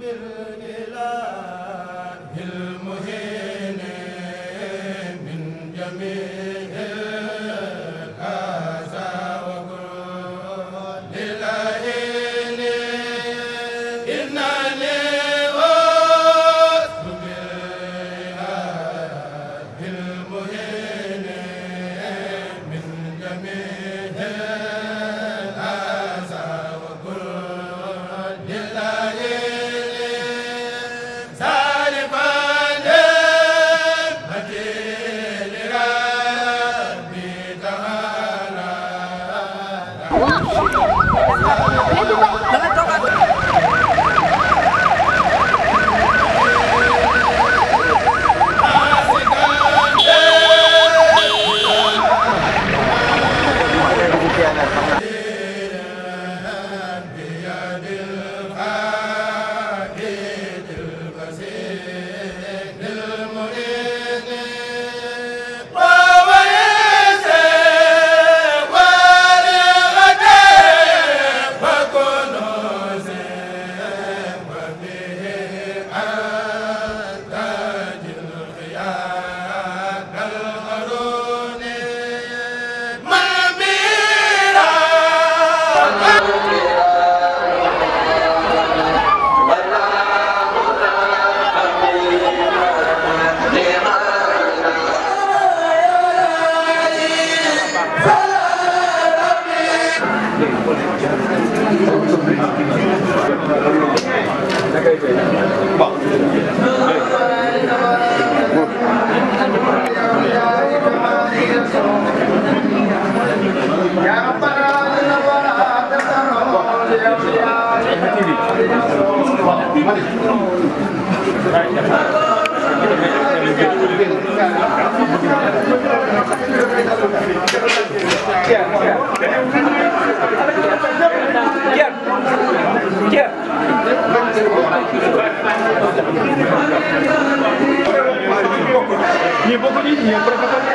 من جميع Не бог не не пропадает.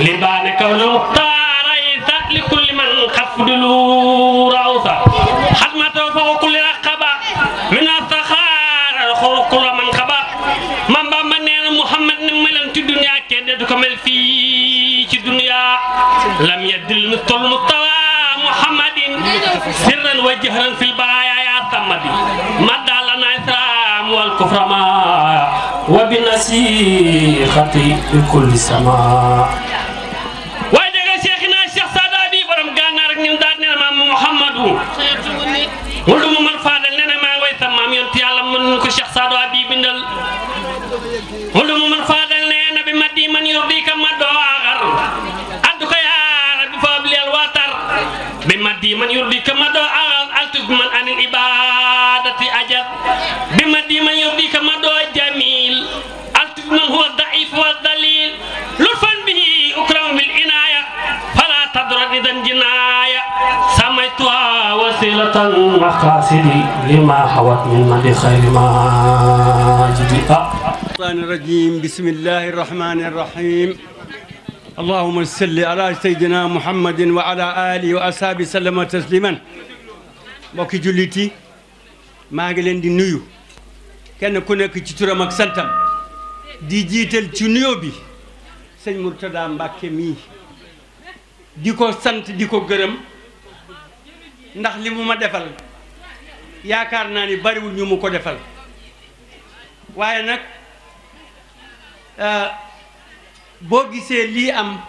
لبان كون المختار يسأل لكل من خفد روثا خدمته فوق كل رقبة من السخار الخلق كل من خبا من بمن محمد نملم في الدنيا كندك مل في الدنيا لم يدل مثل المستوى محمد سرا وجهرا في البرايا يا صمدي مدى لنا إسلام والكفر ما وبنصيحتي بكل سماء فتى المقاصد لما حوت من مد خير ماجد الشيطان الرجيم بسم الله الرحمن الرحيم اللهم صل على سيدنا محمد وعلى آله وأصحابه وسلم تسليما mbokki jullit yi maa ngi leen di nuyu kenn ku nekk ci turam ak santam di jiital ci nuyoo bi sëñ Murtada Mbàkke mii di ko sant di ko gërëm ndax li mu ma defal yaakaar naa ni bariwul ñu mu ko defal waaye nag euh, boo gisee lii am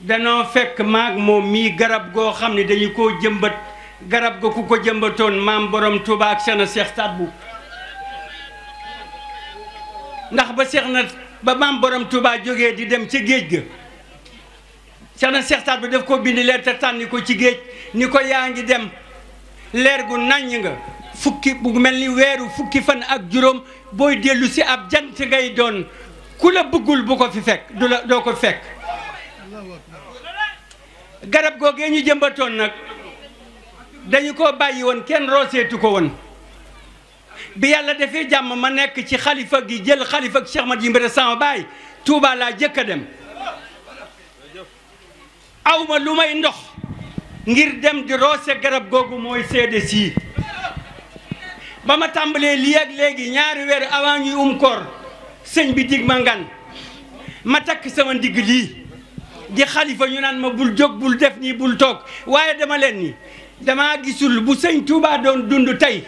danoo fekk maag moom mii garab goo xam ne dañu koo jëmbat garab ga ku ko jëmbatoon maam borom Touba ak Seex na Seex Saadbu ndax ba Seex na ba maam borom tubaa jógee di dem ca géej ga Cerno Seex Saad bu def ko bind leer te tànni ko ci géej ni ko yaa ngi dem leer gu naññ nga fukki bu mel ni weeru fukki fan ak juróom booy dellu si ab jant ngay doon ku la bëggul bu ko fi fekk la doo ko fekk garab googee ñu jëmbatoon nag dañu ko bàyyi woon kenn rooseetu ko woon bi yàlla defee jàmm ma nekk ci xalifa gi jël xalifa ak yi Mat Jimbira sama baay Tuubaa laa jëkk a dem awma lu may ndox ngir dem di roose garab googu mooy seede si ba ma tàmbalee lii ak léegi ñaari weer avant ñuy um koor sëñ bi dig ma ngan ma takk sama ndigg lii di xalifa ñu naan ma bul jóg bul def nii bul toog waaye dama leen ni damaa gisul bu sëñ Touba doon dund tey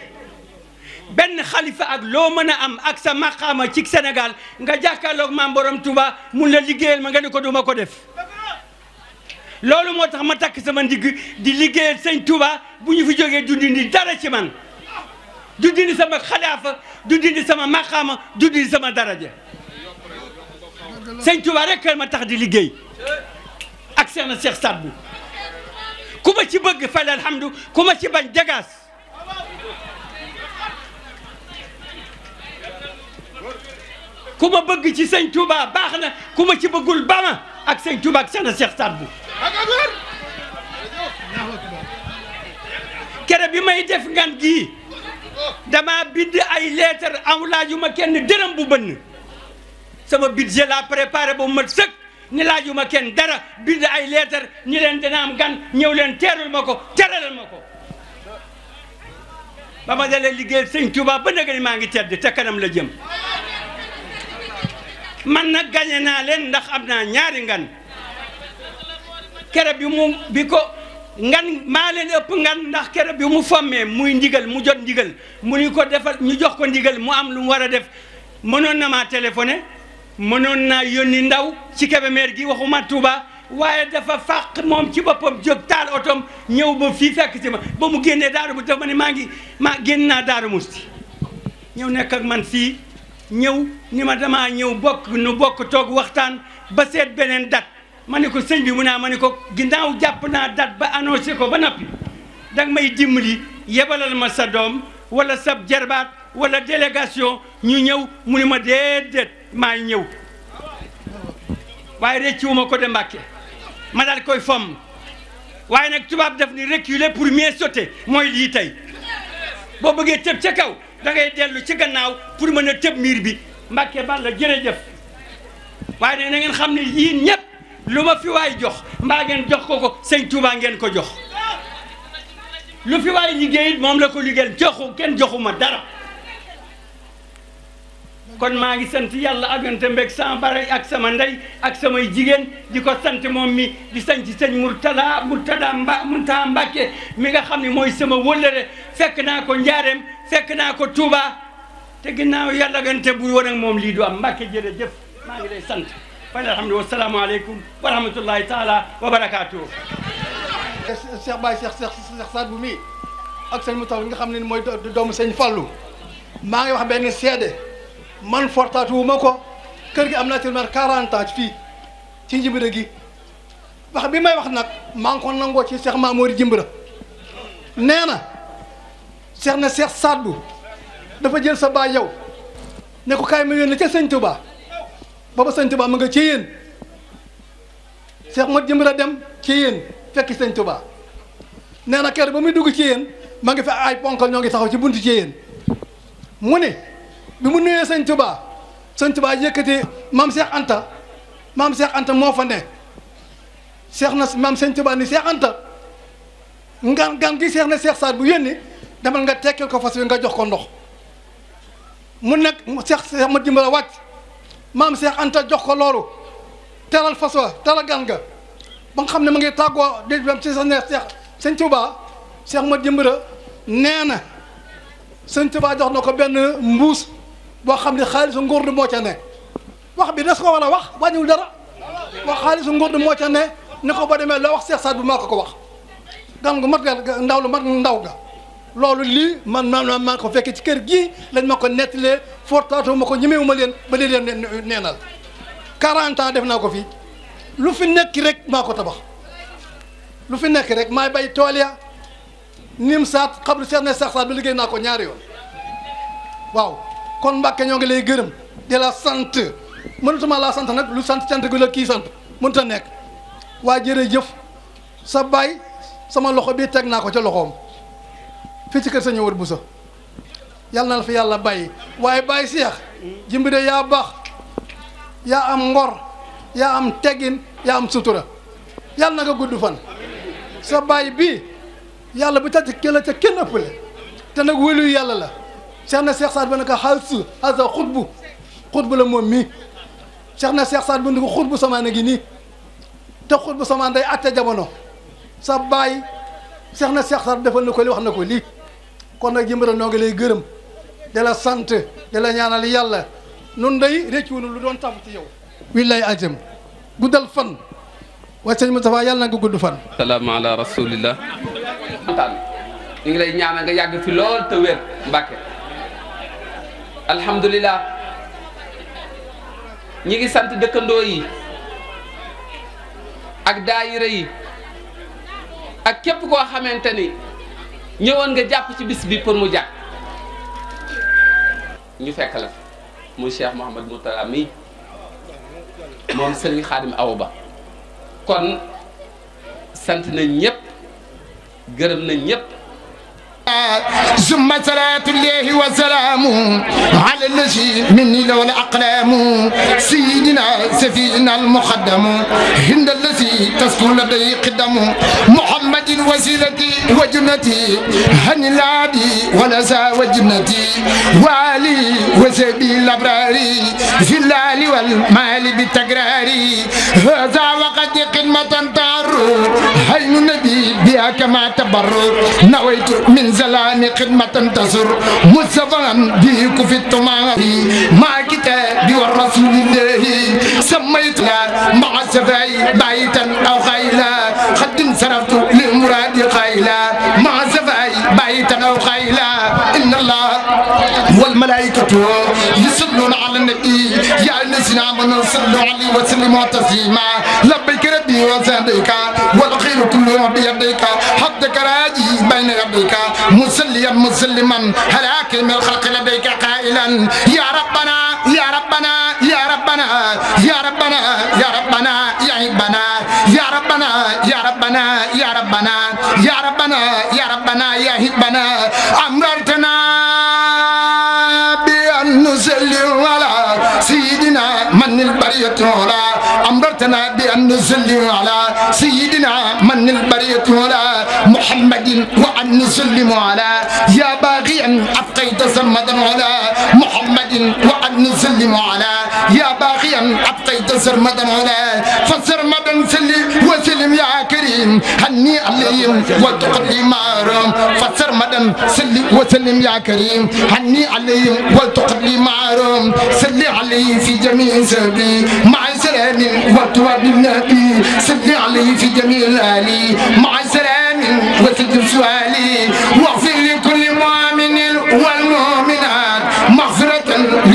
benn xalifa ak loo mën a am ak sa maqaama ci senegal nga jàkkaarloog maam borom Touba mun la liggéeyal ma nga ne ko duma ko def loolu moo tax ma takk sama ndigg di liggéeyal sëñ Touba bu ñu fi jógee du dindi dara ci man du dindi sama xalaafa du dindi sama maqaama du dindi sama daraja sëñ Touba rek ma tax di liggéey ak Seex na Seex Sadbu ku ma ci bëgg fal alhamdu ku ma ci bañ jagaas ku ma bëgg ci sëñ Touba baax na ku ma ci bëggul ba ak sëñ Touba ak Seex Seex Saad Bu kere bi may def ngan gii dama bind ay lettre am laajuma kenn dërëm bu bënn sama budget la préparé ba mu mat sëkk ni laajuma kenn dara bind ay lettre ñi leen dina am gan ñëw leen teerul ma ko leen ma ko ba ma dalee liggéey sëñ Touba ba nag maa ngi tedd te kanam la jëm man nag gañe naa leen ndax am naa ñaari ngan kere bi mu bi ko ngan maa leen ëpp ngan ndax kere bi mu fommee muy ndigal mu jot ndigal mu ni ko defal ñu jox ko ndigal mu am lu mu war a def mënoon na maa téléphoné mënoon naa yónni ndaw ci Kébémer gi waxu Touba waaye dafa fàq moom ci boppam jóg taal otoom ñëw ba fii fekk ci ma ba mu génnee Daaru Musti dafa ma ne maa ngi maa génn naa Daaru Musti ñëw nekk ak man fii ñëw ni ma damaa ñëw bokk nu bokk toog waxtaan ba seet beneen date ma ne ko sëñ bi mu naa ma ne ko ginnaaw jàpp naa date ba annoncé ko ba noppi danga may dimbali yebalal ma sa doom wala sab jarbaat wala délégation ñu ñëw mu ni ma déedéet maay ñëw waaye réccuwuma ko de Mbàkke ma daal koy fomm waaye nag tubaab def ni reculer pour mieux sauter mooy lii tey boo bëggee tëb ca kaw da ngay dellu ci gannaaw pour mën a tëb miir bi Mbàkke Balla jërëjëf waaye nag na xam ne yii ñëpp lu ma fi waay jox mbaa jox ko ko sëñ Touba ngeen ko jox lu fi waay liggéey moom la ko liggéeyal joxu kenn joxu ma dara kon maa ngi sant yàlla ak yonent sama bare ak sama ndey ak samay jigéen di ko sant moom mi di sant sëñ Murtada Murtada Mba Muntaha mi nga xam ni mooy sama wëllëre fekk naa ko njaareem fekk naa ko Touba te ginnaaw yàlla gante buy woon ak moom lii du am Mbàkke jërëjëf maa ngi lay sant fan alhamdu wasalaamualeykum wa rahmatullahi taala wa barakaatuhu Cheikh Baye Cheikh Cheikh Saad bu mi ak sëñ mu taw nga xam ne mooy doomu sëñ Fallou maa ngi wax benn seede man fortaatu wu ko kër gi am naa ci man 40 fii ci njibira gi wax bi may wax nag maa ngi ko nangoo ci Cheikh Mamour Jimbira nee na seex na seex Saadu dafa jël sa baay yow ne ko kaay ma yónni ca sëñ Touba booba sëñ Touba ma nga ci yéen seex ma jëmbir a dem ci yéen fekki sëñ Touba nee na kër ba muy dugg ci yéen ma ngi fi ay ponkal ñoo ngi taxaw ci buntu ci mu ne bi mu nuyee sëñ Touba sëñ Touba yëkkati maam seex Anta maam seex Anta moo fa ne seex na maam sëñ Touba ni seex Anta ngaan ngaan gi seex na seex Saad bu yónni. demal nga tekkee ko fas wi nga jox ko ndox mu nekk mu seex seex ma dimbala wàcc maam seex anta jox ko loolu teral fas wa teral gan nga ba nga xam ne ma ngi tàggoo di dem sa neex seex sëñ Tuubaa seex ma dimbala nee na sëñ jox na ko benn mbuus boo xam ne xaalisu nguur du moo ca ne wax bi des ko war a wax wàññiwul dara wax xaalisu nguur du moo ca ne xaw ko ba demee loo wax seex saat bu maa ko ko wax gan gu mat ga ndaw lu mat ndaw nga loolu lii man man maa ko fekkee ci kër gii lañ ma ko nettalee fortaatoo ma ko ñemewu ma leen ba di leen neenal 40 ans def naa ko fii lu fi nekk rek maa ko tabax lu fi nekk rek maay bay tool ya nim saat xabru seet na sax saat bi liggéey naa ko ñaari yoon waaw kon Mbàkke ñoo ngi lay gërëm di la sant mënatuma laa sant nag lu sant sant gu la kii sant mënut a nekk waa jër jërëjëf sa baay sama loxo bii teg naa ko ca loxoom fii ci kër sa ñëwar bu sa yàlla na la fi yàlla bàyyi waaye bàyyi seex jimbi de yaa baax yaa am ngor yaa am teggin yaa am sutura yàlla na nga gudd fan sa bàyyi bi yàlla bu tàcc ki la ca kenn ëppale te nag wéluyu yàlla la seex na seex saat ba ne ko xaasu xaasa xutbu xutbu la moom mii seex na seex saat ba ne ko xutbu samaan a nii te xutbu samaan day atte jamono sa bàyyi seex na seex saat defal na ko li wax na ko li kon nag Jimbira noo ngi lay gërëm di la sant di la ñaanal yàlla nun day réccuwunu lu doon tafu ci yow willaay ajam guddal fan waaye sëñ Moustapha yàlla na nga gudd fan salaam ala rasulillah ngi lay ñaanal nga yàgg fi lool te wér Mbàkke ñi ngi sant dëkkandoo yi ak daayira yi ak képp koo xamante ni ñëwoon nga jàpp ci bis bi pour mu jàkk ñu fekk la muy Cheikh Mouhamad Moutala mi moom Serigne Khadim Awa Ba kon sant nañ ñëpp gërëm nañ ñëpp ثم صلاة الله وسلامه على الذي مني لولا أقلام سيدنا سفينا المقدم عند الذي تسكن لديه قدم محمد وسيلتي وجنتي هن العادي ونسى وجنتي والي وسيدي الأبراري في الليل والمال بالتكراري هذا وقد قمة تعرف هين النبي بها كما تبر نويت من زلان خدمة تسر مصطفى به كفت معي مع كتاب والرسول الله سميت لا مع سبعي بيتا أو غيلا خد صرفت والملائكة يصلون على النبي يا نسينا من صلوا عليه وسلموا تسليما لبيك ربي وسعديك والخير كله بيدك حدك راجي بين يديك مسليا مسلما هلاك من الخلق لديك قائلا يا ربنا يا ربنا ربنا يا ربنا يا ربنا يا ربنا يا ربنا يا ربنا يا ربنا يا ربنا يا ربنا يا ربنا أمرتنا بأن نزل على سيدنا من البرية ولا أمرتنا بأن نزل على سيدنا من البرية ولا محمد وأن نسلم على يا باغيا أبقيت سمدا على محمد وأن نسلم على يا باغيا أبقيت سرمدا على فسرمدا سلي وسلم يا كريم هني عليهم وتقضي معهم فسرمدا سلي وسلم يا كريم هني عليهم وتقضي معهم سلي عليه في جميع سبي مع سلام وتواب النبي سلي عليه في جميع الآلي مع سلام وسلم سؤالي واغفر لكل مؤمن والمؤمن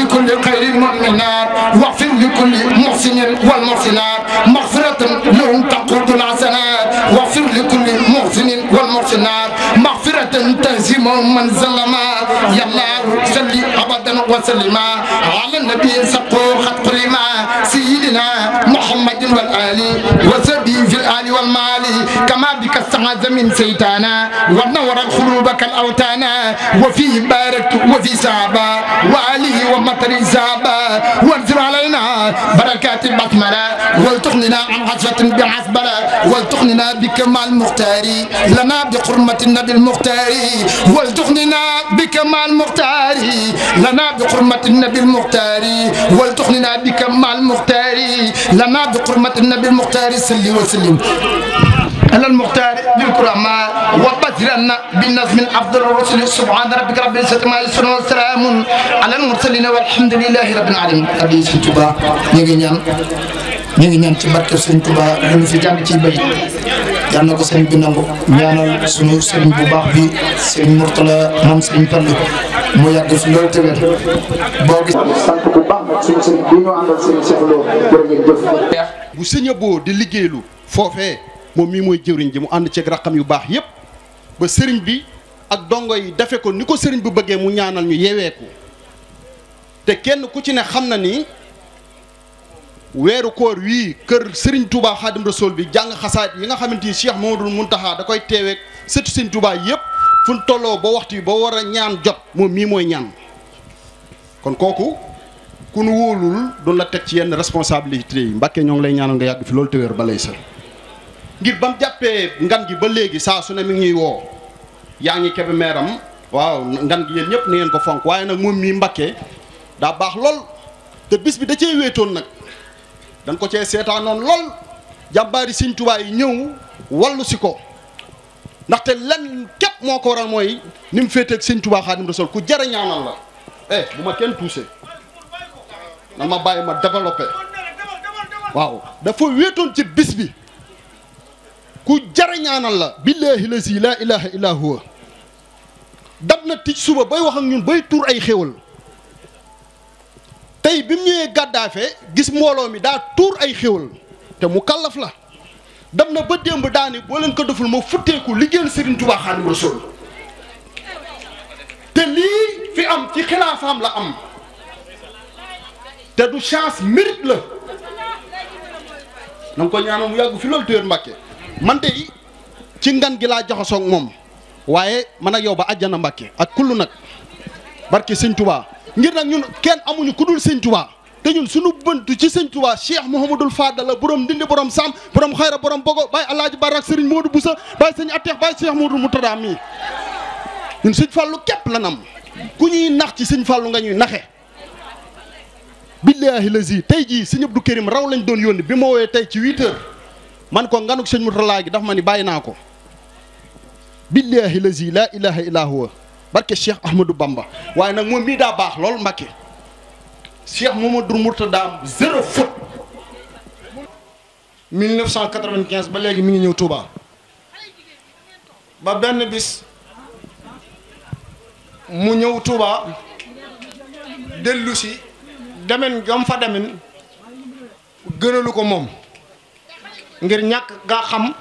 لكل خير المؤمنات واغفر لكل محسن والمحسنات مغفرة لهم تقود الحسنات واغفر لكل محسن والمحسنات مغفرة تهزم من ظلم يا الله صل أبدا وسلم على النبي سقو خط سيدنا محمد والآل وسلم استعاذ من سيتانا ونور خروبك الأوتانا وفي باركت وفي سابا وعلي ومطر سابا وانزل علينا بركات البثمرة ولتغننا عن عزفة بعثبرة ولتغننا بكمال مختاري لنا بقرمة النبي المختاري ولتغننا بكمال مختاري لنا بقرمة النبي المختاري ولتغننا بكمال مختاري لنا بقرمة النبي المختاري سلي وسلم على المختار بالكرماء وبذلنا بالناس من أفضل الرسل سبحان ربك رب العزة ما يصفون وسلام على المرسلين والحمد لله رب العالمين أبي سنتوبا نيجي نيان نيجي نيان تبارك سنتوبا نيجي في جامعة البيت yal ko sëriñ bi nangu ñaanal suñu sëriñ bu baax bi sëriñ Mourtala moom sëriñ Fallu mu yàgg fi loolu tëwér boo gis sant bu baax nag suñu sëriñ bi ñu àndal sëriñ Cheikh Lo jërë ngeen bu sëñ boo di liggéeylu foofee moom mii mooy jëwriñ ji mu ànd ceeg raqam yu baax yépp ba sëriñ bi ak dongo yi dafe ko ni ko sëriñ bu bëggee mu ñaanal ñu yeweeku te kenn ku ci ne xam na ni weeru koor wii kër sëriñ Touba Xaadim Rasool bi jàng xasaat yi nga xamante ni Cheikh Mamadou Muntaha da koy teeweeg sëtu sëriñ Touba yépp fu ñu tolloo ba waxtu bi ba war ñaan jot moom mii mooy ñaan kon kooku ku nu wóolul doon la teg ci yenn responsabilité yi Mbàkke ñoo ngi lay ñaanal nga yàgg fi loolu te wér ba ngir ba mu jàppee ngan gi ba léegi saa su ne mi ngi ñuy woo yaa ngi kebe meeram waaw ngan gi yéen ñëpp na ko fonk waaye nag moom mii mbakke daa baax lool te bis bi da cee wéetoon nag dañ ko cee seetaanoon lool jàmbaari Sëñ Tuubaa yi ñëw wallu si ko ndaxte lenn képp moo ko war a mooy ni mu féeteeg Sëñ Tuubaa Xaadimu ku jara ñaanal la eh bu ma kenn tuuse nan ma bàyyi ma développé waaw dafa wéetoon ci bis bi ku jara la billaahi la si laa ilaha illa dab na tij suba bay wax ak ñun bay tuur ay xéwal tey bi mu ñëwee gàddaafee gis mbooloo mi daa tuur ay xéwal te mu kàllaf la dam na ba démb daani boo leen ko deful ma futteeku liggéeyal Serigne Touba Xaadimu Rasuul te lii fi am ci xilaafaam la am te du chance mérite la na ko ñaanal mu yàgg fi loolu téer Mbàkke man tey ci ngan gi laa jaxasoo ak moom waaye man a yow ba àjjana mbàkke ak kullu nag barke sëñ Touba ngir nag ñun kenn amuñu ku dul sëñ Touba te ñun suñu bëntu ci sëñ Touba mu Mouhamadul Fadal la borom ndindi borom Sam borom xayra borom Bogo Baye El Hadj Barak Serigne Modou Boussa Baye sëñ Atex Baye Cheikh Modou Moutada mii ñun sëñ Fallou képp la nam ku ñuy nax ci sëñ fallu nga ñuy naxe. billaahi lazi tey jii sëñ Abdou Karim raw lañ doon yónni bi ma tey ci 8 man ko nganuk sëñ Murtala gi daf ma ni bàyyi naa ko billaahi lazi laa ilaaha illaa huwa barke Cheikh Ahmadou Bamba waaye nag moom mii daa baax lool Mbàkke Cheikh Mamadou Murtada zéro faute ba léegi mu ngi ñëw Touba ba benn bis mu ñëw Touba dellu si demen fa demen gënalu ko moom ngir ñàkk gaa xam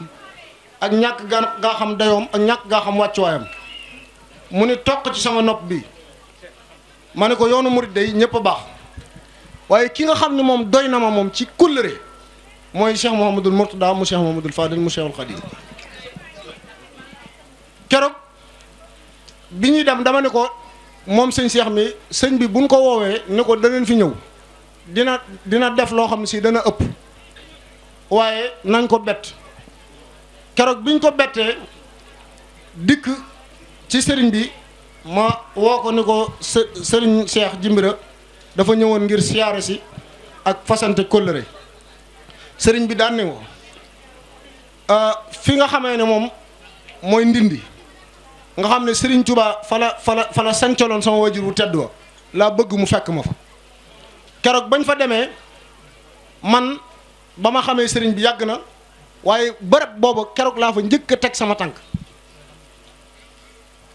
ak ñàkk gaa xam dayoom ak ñàkk gaa xam wàccuwaayam mu ni toq ci sama nopp bi ma ne ko yoonu mu day ñëpp a baax waaye ki nga xam ne moom doy na ma moom ci kóllëre mooy Cheikh Mouhamadul Mourtada mu Cheikh Mouhamadul Fadil mu Cheikhul Khadim keroog bi ñuy dem dama ne ko moom sëñ Cheikh mi sëñ bi buñ ko woowee ni ko daneen fi ñëw dina dina def loo xam ne si dana ëpp waaye nañ ko bett keroog biñ ko bettee dikk ci sëriñ bi ma woo ko ni ko sëriñ Cheikh Jimbira dafa ñëwoon ngir siyaare si ak fasante kóllëre sëriñ bi daan ne ko euh, fi nga xamee ne moom mooy ndindi nga xam ne sëriñ Touba fala fala fala sancaloon sama wajur wu tedd wa laa bëgg mu fekk ma fa keroog bañ fa demee man ba ma xamee sëriñ bi yàgg na waaye bërëb booba keroog laa fa njëkk a teg sama tànk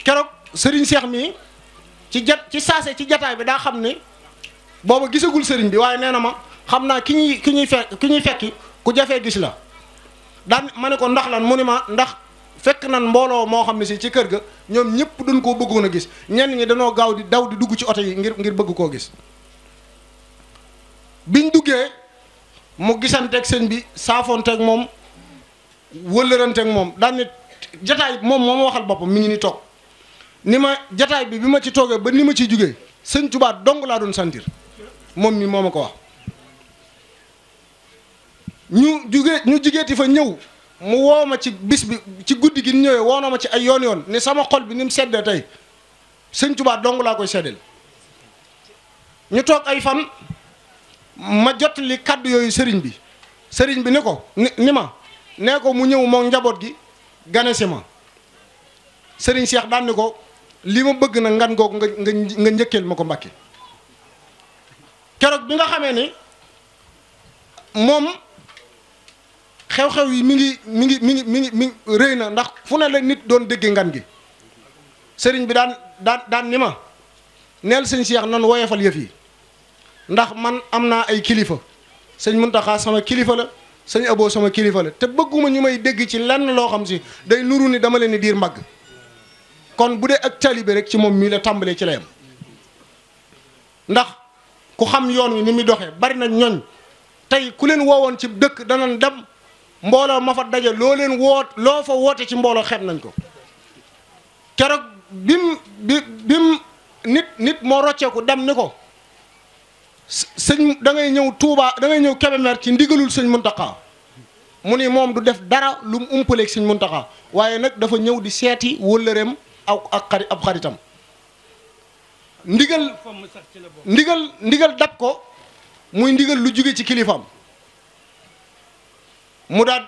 keroog sëriñ seex mi ci jat ci saase ci jataay bi daa xam ne booba gisagul sëriñ bi waaye nee na ma xam naa ki ñuy ki ñuy fekk ki ñuy fekki ku jafee gis la daan ma ne ko ndax lan mu ni ma ndax fekk nan mbooloo moo xam ne si ci kër ga ñoom ñëpp duñ koo bëggoon a gis ñenn ñi dañoo gaaw di daw di dugg ci oto yi ngir ngir bëgg koo gis biñ duggee. mu gisanteek sëñ bi saafoonteeg moom wëllëranteeg moom daan ne jataay moom moo ma waxal boppam mi ngi ni toog ni ma jataay bi bi ma ci toogee ba ni ma ciy jugee sëñ Tuubaa dong laa doon sentir moom mi moo ma ko wax ñu jugee ñu jugeeti fa ñëw mu woo ma ci bis bi ci guddi gi ñëwee woonoo ma ci ay yoon yoon ni sama xol bi ni mu seddee tey sëñ Tuubaa dong laa koy seddeel ñu toog ay fan ma jot li kàddu yooyu sëriñ bi sëriñ bi ni ko ni ma nee ko mu ñëw moom njaboot gi gane si ma sëriñ Cheikh daan ko li ma bëgg na ngan googu nga nga nga njëkkeel ma ko Mbàkke keroog bi nga xamee ni moom xew-xew yi mi ngi mi ngi mi ngi mi ngi mi rëy na ndax fu ne la nit doon dégge ngan gi sëriñ bi daan daan daan ni ma neel sëñ Cheikh nan woyefal yëf yi ndax man am naa ay kilifa sëñ Muntaxa sama kilifa la sëñ Abo sama kilifa la te bëgguma ñu may dégg ci lan loo xam si day nuru ni dama leen diir mbagg kon bu dee ak taalibe rek ci moom mii la tàmbalee ci la ndax ku xam yoon wi ni muy doxee bari na ñoñ tey ku leen woowoon ci dëkk danañ dem mbooloo ma fa daje loo leen woot loo fa woote ci mbooloo xeeb nañ ko keroog bim bi bim nit nit moo rocceeku dem ni ko sëñ da ngay ñëw Touba dangay ñëw Kébémer ci ndigalul sëñ Muntaxa mu ni moom du def dara lu mu si sëñ Muntaxa waaye nag dafa ñëw di seeti wëllëreem aw ak xarit ab xaritam ndigal ndigal ndigal dab ko muy ndigal lu jóge ci kilifaam mu daal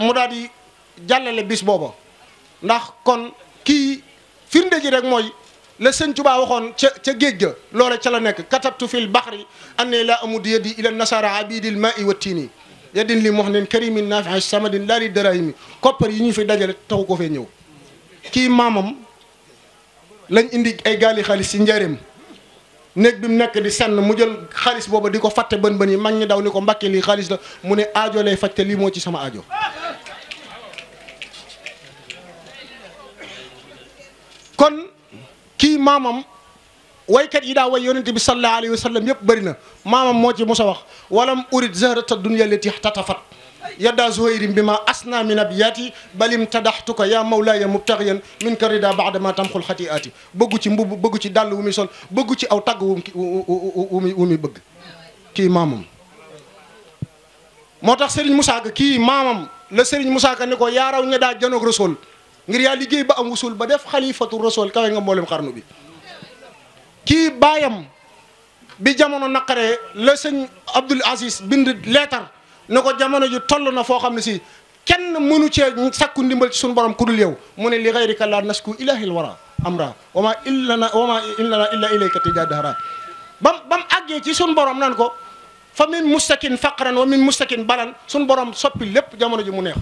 mu daal di jàllale bis booba ndax kon kii firnde ji rek mooy la sëñ Tuubaa waxoon ca ca géej ga loola ca la nekk katabtu fil baxri anni laa amud yadi ila nasara abidil ma i wa tiini yadin li muhnin karimin nafi'in samadin laa di darahimi koppar yi ñu fi dajale taxu ko fee ñëw kii maamam lañ indi ay gaali xaalis ci njëriñ néeg bi mu nekk di senn mu jël xaalis booba di ko fàtte bën bën yi mag ñi daw ni ko mbàkke lii xaalis la mu ne aajo lay faj te lii moo ci sama aajo kii way kat yi da way yonente bi sallallahu alayhi wasallam yeb yëpp bëri na maamam moo ci musa wax walam urid zahrata dunya lati tatafat yada zuhayrim bima asna min abiyati balim tadaxtuka ya mawlaaya mubtaghiyan min karida ba'da ma tamkhul khati'ati bëggu ci mbub bëggu ci dàll wu sol bëggu ci aw tàgg wu mu beug ki mamam motax Serigne musa ki mamam le Serigne musa Ka ni ko yaaraw ña daa janoog rasool ngir yaa liggéey ba am wusul ba def xalifatu rasul kawe nga mboolem xarnu bi kii baayam bi jamono naqaree la sëñ Abdul Aziz bind leetar ne ko jamono ji toll na foo xam ne si kenn mënu cee sakku ndimbal ci suñu borom ku dul yow mu ne li gayrika la nasku ilahil wara amra wama illana wama illana illa ilayka tijadahra ba bam àggee ci suñu borom nan ko fa min mustakin faqran wa min mustakin balan suñu borom soppi lépp jamono ji mu neex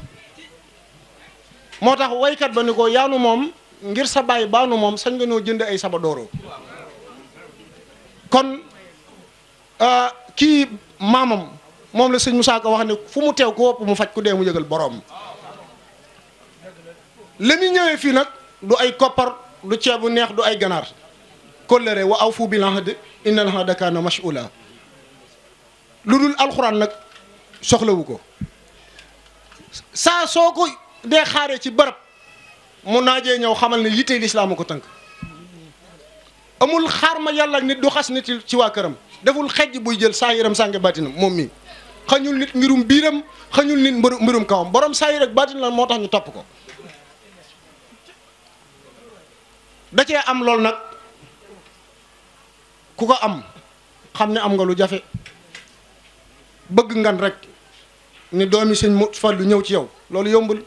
moo tax woykat ba ni ko yaanu moom ngir sa baay baanu moom sañ nga noo jënd ay saba dooro kon euh, kii maamam moom la sëñ Moussa Ka wax ne fu mu teew ku wopp mu faj ku dee mu yëgal boroom la muy ñëwee fii nag du ay koppar du bu neex du ay ganaar kóllëre wa awfu bil ahd innal ahda kaana mas'uula lu dul alxuraan nag soxlawu ko saa soo ko dee xaaree ci barab mu naajee ñëw xamal ne yittee lislaam a ko tënk amul xaar ma yàlla nit du xas nit ci waa këram deful xejj buy jël saahiram sànge baatinam moom mii xañul nit mbirum biiram xañul nit mbirum kawam borom saahir ak baatin moo tax ñu topp ko da am loolu nag ku ko am xam ne am nga lu jafe bëgg ngan rek ni doomi sëñ mu lu ñëw ci yow loolu yombul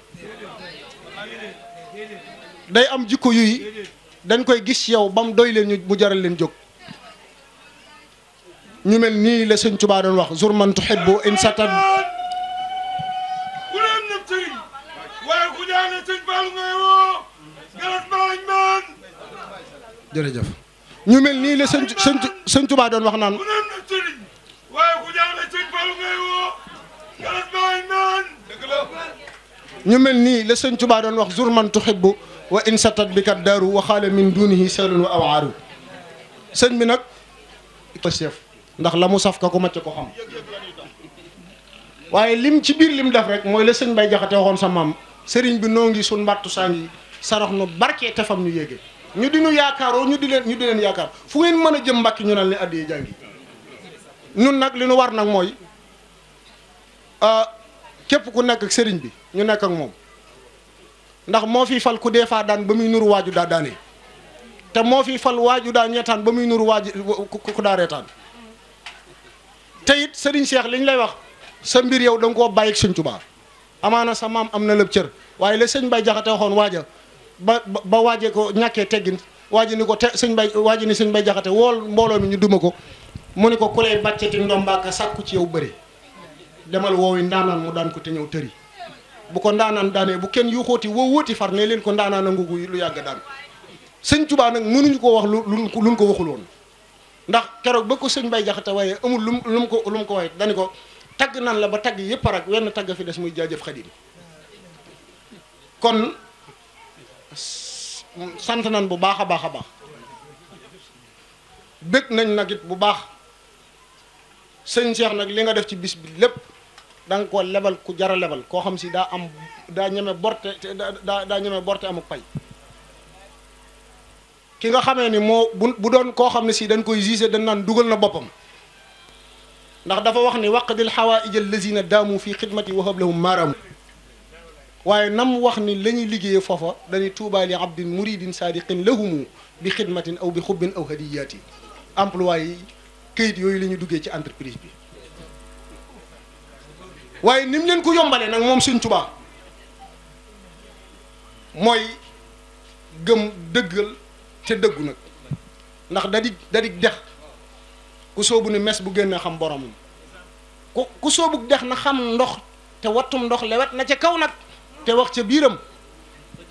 day am jikko yuy dañ koy gis yow ba mu doy leen ñu mu jaral leen jóg ñu mel nii la sëñ wax zur man tuhibbu in ñu mel nii la sëñ sëñ sëñ Tuubaa doon wax naan ñu mel nii la sëñ Tuubaa doon wax zur man tuhibbu wa in satat bi kat daaru waxaale min dunihi seelun wa awaaru sëñ bi nag chef ndax la mu saf ka ko macce ko xam waaye lim ci biir lim def rek mooy la sëñ bay jaxate waxoon sa maam sëriñ bi noo ngi sun mbattu saa ngi sarax nu barkee tefam ñu yéege ñu di nu yaakaaroo ñu di leen ñu di leen yaakaar fu ngeen mën a jëm mbàkki ñu naan leen addee jàngi ñun nag li nu war nag mooy ah, képp ku nekk ak sëriñ bi ñu nekk ak moom ndax moo fi fal ku dee faa daan ba muy nuru waaju daa daane te moo fi fal waaju daa ñeetaan ba muy nuru waaju ku daa reetaan te it sëriñ Cheikh li lay wax sa mbir yow da nga bàyyi suñ sëñ Tuubaa amaana sa maam am na lëb cër waaye la sëñ Bay Jaxate waxoon waaja ba ba waaje ko ñàkkee teggin waaji ni ko te sëñ Bay waaji ni sëñ Bay Jaxate wool mbooloo mi ñu duma ko mu ni ko ku lay bàcceti ndombaaka sàkku ci yow bëri demal woowi ndaanaan mu daan ko te ñëw tëri bu ko ndaanaan daanee bu kenn yuuxooti woo wóoti far ne leen ko ndaanaan a ngugu lu yàgga daan sëñ Tuubaa nag mënuñu ko wax lu luñ ko waxul woon ndax keroog ba ko sëñ Bay Jaxate waaye amul lu mu ko lu mu ko waaye dañu ko tagg nan la ba tagg yëpp rek wenn tagg fi des muy jaajëf Xaadim kon sant nan bu baax a baax a baax bëgg nañ nag it bu baax sëñ Cheikh nag li nga def ci bis bi lépp dang ko lebal ku jara a lebal koo xam si da am da ñeme borte da da ñeme borte amuk pay ki nga xamé ni mo bu doon ko xam ne si dañ koy jugé dañ nan duggal na bopam ndax dafa wax ni waqdil hawaij allazina damu fi xidmati wahab lahum maram waye nam wax ni la liggéey fofa dañi tuba li abdin muridin sadiqin lahum bi khidmatin aw bi khubbin aw hadiyatin emploi yi yoy yooyu duggé ci entreprise bi waaye ni leen ko yombalee nag moom Sëñ Tuubaa mooy gëm dëggal ca dëggu nag ndax da di da dex ku soobu ni mes bu génn xam boromam ku ku soobu dex na xam ndox te wattum ndox lewet na ca kaw nag te wax ca biiram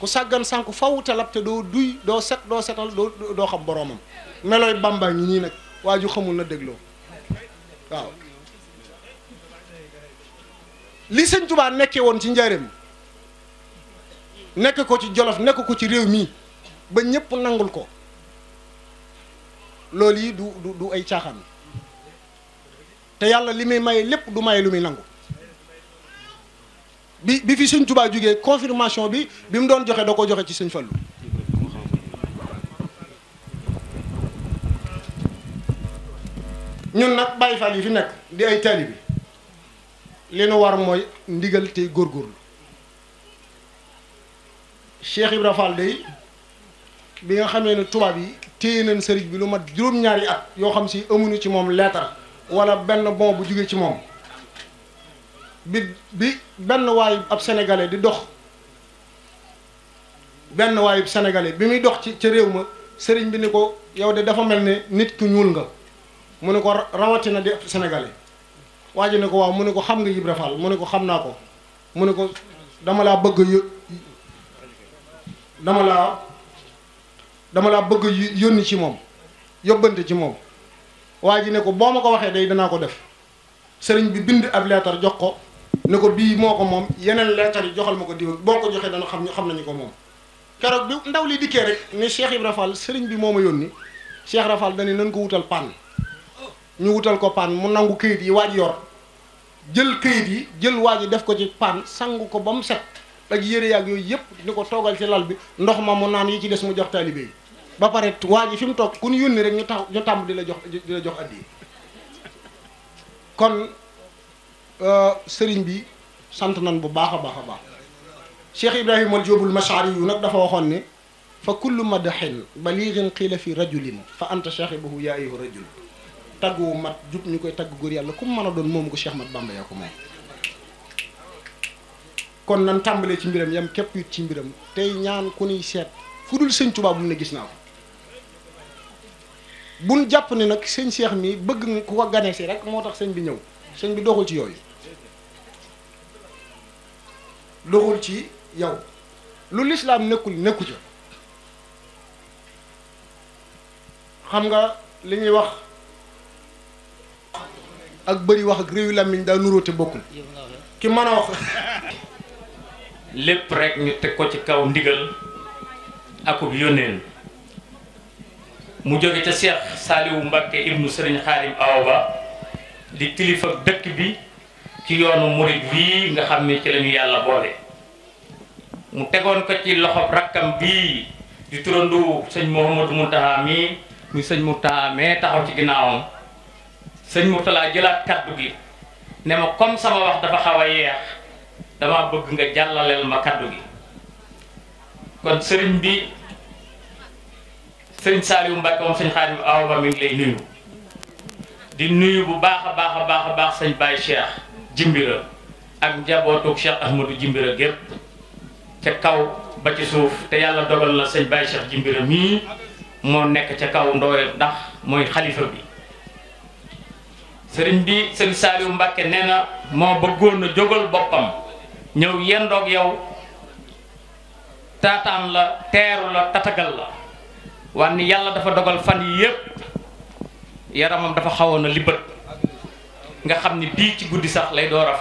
ku sàggan sànku faw te lab te doo duy doo set doo setal doo doo xam boromam melooy bàmbaa ngi nii nag waa ju xamul na dégloo waaw li sëñ Touba nekkee woon ci njaareem nekk ko ci jolof nekk ko ci réew mii ba ñëpp nangul ko loolu yi du du ay caaxaan te yàlla li muy maye lépp du maye lu muy nangu bi bi fi sëñ tubaa jógee confirmation bi bi mu doon joxe da ko joxe ci sëñ Fallou ñun nag Baye Fall yi fi nekk di ay taalibe bi li nu war mooy ndigal tey góorgóorlu Cheikh Ibra Fall day bi nga xamee ne tubaab yi téye nañ sëriñ bi lu mat juróom-ñaari at yoo xam si amuñu ci moom leetar wala benn bon bu jóge ci moom bi benn waayu ab sénégalais di dox benn waayub sénégalais bi muy dox ci ca réew ma sëriñ bi ni ko yow de dafa mel ni nit ku ñuul nga mu ne ko rawatina di ab sénégalais waa ji ne ko waaw mu ne ko xam nga Ibra Fall mu ne ko xam naa ko mu ne ko dama laa bëgg yó dama laa dama laa bëgg yónni ci moom yóbbante ci moom waa ji ne ko boo ma ko waxee day danaa ko def sëriñ bi bind ab leetar jox ko ne ko bii moo ko moom yeneen leetar yi joxal ma ko diw boo ko joxee dana xam ñu xam nañu ko moom keroog bi ndaw li dikkee rek ne Cheikh Ibra Fall sëriñ bi moo ma yónni Cheikh Ibra dana dañu nañ ko wutal pànn ñu wutal ko paan mu nangu këyit yi waaj yor jël këyit yi jël waaj yi def ko ci paan sangu ko ba mu set ak yére yaag yooyu yëpp ni ko toogal ci lal bi ndox ma mu naan yi ci des mu jox taalibe yi ba pare waaj yi fi mu toog ku ñu yónni rek ñu tax ñu tàmb di la jox di la jox addi kon euh, sëriñ bi sant nan bu baax a baax a baax cheikh ibrahima al jóobul machaari yu nag dafa waxoon ne fa kullu madaxin baliirin qiila fi rajulin fa anta chaaxibuhu yaa ayyuha rajul tagg wu mat jub ñu koy tagg góor yàlla ku mu mën a doon moomu ko seex Mat Bamba yaa ko may kon nan tàmbalee ci mbiram yam képp it ci mbiram tey ñaan ku nuy seet fu dul sëñ Tuubaa bu ne gis naa ko buñ jàpp ni nag sëñ seex mi bëgg ku ko ganee si rek moo tax sëñ bi ñëw sëñ bi doxul ci yooyu doxul ci yow lu lislaam nekkul nekku ca xam nga li ñuy wax ak bari wax ak rew lamine daa nuroo te bokkul ki mëna wax lepp rek ñu tek ko ci kaw ndigal ub yonen mu joge ci Cheikh Mbacke ibnu Serigne kharim Awa di kilifa dekk bi ci yoonu mourid bi nga xam ci lañu yalla bolé mu tegon ko ci loxop rakam bi di turandu sëñ mohammed muntaha mi muy sëñ muntaha me taxaw ci sëñ Mourtala jëlaat kàddu gi ne ma comme sama wax dafa xaw a yeex dama bëgg nga jàllaleel ma kàddu gi kon sëriñ bi sëriñ Saliou Mbacke moom sëñ Xaadim Awa Ba mi ngi lay nuyu di nuyu bu baax a baax a baax a baax sëñ Baye Cheikh Jimbira ak njabootug Cheikh Ahmadou Jimbira gépp ca kaw ba ci suuf te yàlla dogal na sëñ Baye Cheikh Jimbira mii moo nekk ca kaw ndooyal ndax mooy xalifa bi serigne bi serigne Saliou Mbacke neena mo beggone bëggoon bopam ñew yendok yow tatam la teru la tatagal la wan yalla dafa dogal fan yi yaramam dafa xawona libet nga xamni ni ci guddi sax lay doora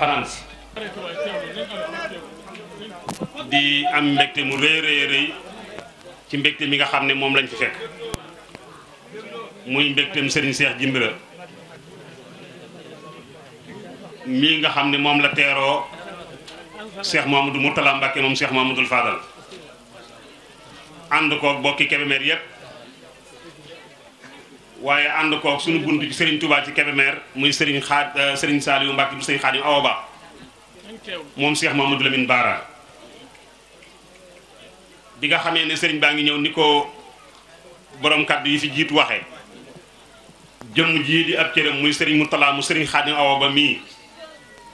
di am mbekté mu reey reey reey ci mbekté mi nga xam mom lañ fi fekk muy serigne cheikh Jimbira mi nga xamne mom la téro cheikh mamadou murtala mbake mom cheikh mamadou fadal ko ak bokki kebemeer yépp and ko ak suñu buntu ci serigne touba ci kebemeer muy serigne khad euh, serigne saliou mbake bu serigne khadim awoba mom cheikh mamadou lamin bara bi nga xamé né serigne baa ñew niko borom kaddu yi fi jiitu waxé jëm ji di ab cëram muy serigne murtala mu serigne khadim awoba mi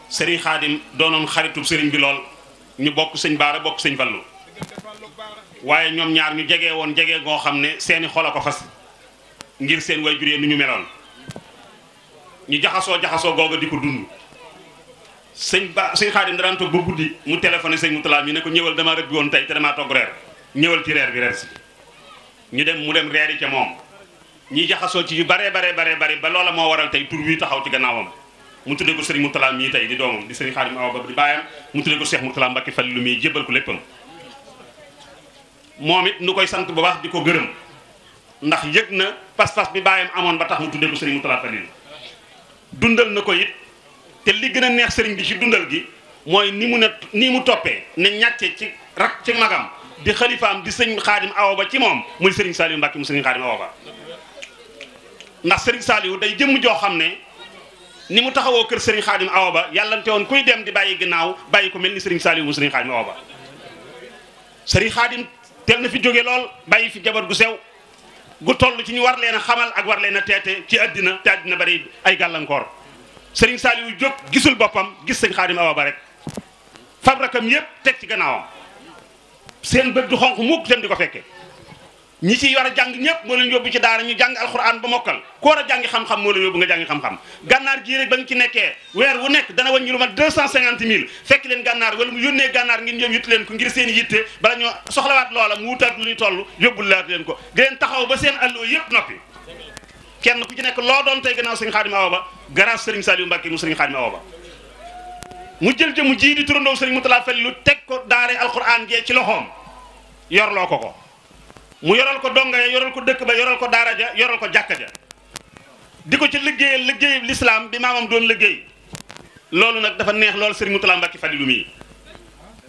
sëriñ xaadim doonoon xaritub sëriñ bi lool ñu bokk sëñ baara bokk sëñ fallu waaye ñoom ñaar ñu jege woon jege goo xam ne seeni xol a ko fas ngir seen way juree nu ñu meloon ñu jaxasoo jaxasoo googa di ko dund sëñ ba sëñ xaadim da daan toog ba guddi mu téléphoné sëñ Mutalla mi ne ko ñëwal dama rëbbi woon tey te damaa togg reer ñëwal ci reer bi reer si ñu dem mu dem reeri ca moom ñi jaxasoo ci yu bare baree bare bari ba loola moo waral tey tur wi taxaw ci gannaawam mu tuddee ko mu Mourtala mii tey di doomam di sëriñ Xaadim Awa Ba di bàyyam mu tuddee ko Cheikh Mourtala Mbacke Falilou mii jébbal ko léppam moom it nu koy sant bu baax di ko gërëm ndax yëg na pas-pas bi bàyyam amoon ba tax mu tuddee ko sëriñ Mourtala Falilou dundal na ko it te li gën a neex sëriñ bi ci dundal gi mooy ni mu ne ni mu toppee ne ñàcce ci rak ci magam di xalifaam di sëñ Xaadim Awa Ba ci moom muy sëriñ Saliou Mbacke mu sëriñ Xaadim Awa Ba ndax sëriñ Saliou day jëmm joo xam ne ni mu taxawoo kër Serigne Khadim Awa Ba yàllante woon kuy dem di bàyyi gannaaw bàyyi ko mel ni Serigne Saliou mu Serigne Khadim Awa Ba Serigne Khadim teel na fi jóge lool bàyyi fi jabar gu sew gu toll ci ñu war leen a xamal ak war leen a teete ci àddina te àddina bari ay gàllankoor sëriñ Saliou jóg gisul boppam gis Serigne Khadim Awa Ba rek fab rakam yépp teg ci gannaawam seen bët du xonq mukk dem di ko fekke ñi ci war a jàng ñëpp moo leen yóbbu ci daara ñu jàng alxuraan ba mokkal ku war a jàngi xam-xam moo leen yóbbu nga jàngi xam-xam gànnaar jii rek ba nga ci nekkee weer wu nekk dana wàññi lu mat cent cinquante mille fekk leen gànnaar wala mu yónnee gànnaar ngeen ñoom yittu leen ko ngir seen yitte bala ñoo soxlawaat loola mu wutaat lu ñu toll yóbbul laat leen ko di leen taxaw ba seen àll yëpp noppi kenn ku ci nekk loo doon tey gannaaw sëriñ Xaadim Awa Ba grâce sëriñ Saliou Mbacke mu sëriñ Xaadim Awa Ba mu jël jëmu jii di turandoo sëriñ Moutala Fall lu teg ko daare alxuraan jee ci loxoom yorloo ko ko mu yoral ko donga ya yoral ko dëkk ba yoral ko daara ja yoral ko jàkka ja di ko ci liggéeyal liggéeyu lislaam bi maamam doon liggéey loolu nag dafa neex lool sëriñ Moutala Mbacke Fadilou mii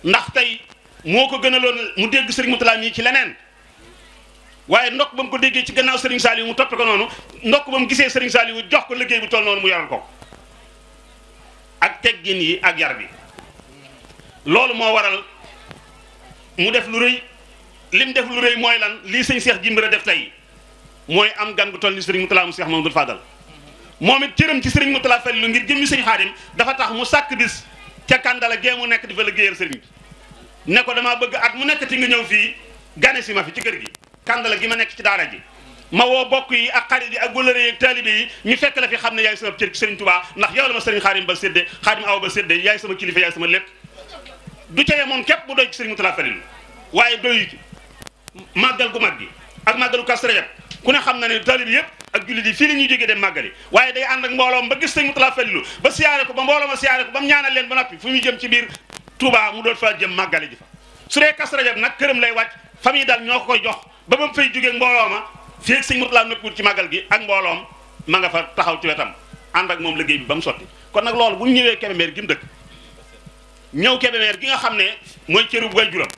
ndax tey moo ko gënaloon mu dégg sëriñ Moutala mii ci leneen waaye ndokk ba mu ko déggee ci gannaaw sëriñ Saliou mu topp ko noonu ndokk ba mu gisee sëriñ Saliou jox ko liggéey bu toll noonu mu yoral ko ak teggin yi ak yar bi loolu moo waral mu def lu rëy. lim def lu rëy mooy lan lii sëñ Cheikh Jimbira def tey mooy am gan gu toll ni sëriñ Moutala mu Cheikh Mamadou Fadal moom it cëram ci sëriñ Moutala Falilou ngir jëmmi sëñ Xaadim dafa tax mu sàkk bis ca Kàndala gee mu nekk di fa liggéeyal sëriñ bi ne ko damaa bëgg at mu nekk ti nga ñëw fii gane si ma fi ci kër gi Kàndala gi ma nekk ci daara ji ma woo bokk yi ak xarit yi ak wëlëre yi ak taalibe yi ñu fekk la fi xam ne yaay sama cër ci sëriñ Touba ndax yow la ma sëriñ Xaadim ba sédde Xaadim aw ba sédde yaay sama kilifa yaay sama lépp du ca yemoon képp bu doy ci sëriñ Moutala Falilou màggal gu mag gi ak màggalu Kazu Rajab ku ne xam na ne talib yëpp ak jullit yi fii la ñuy jógee dem màggali waaye day ànd ak mbooloom ba gis sëñ Moutalla Falilou ba siyaare ko ba mbooloo siyaare ko ba mu leen ba noppi fu ñu jëm ci mu doon fa jëm màggali ji fa su dee Kazu Rajab nag këram lay wàcc famille daal ñoo ko jox ba ba mu fay jógee mbooloo ma fii ak ci màggal gi ak mbooloom ma nga fa taxaw ci wetam ànd ak moom liggéey bi ba mu sotti kon nag loolu bu ñu ñëwee Kébémer gi mu dëkk ñëw Kébémer gi nga xam ne mooy cëru waajuram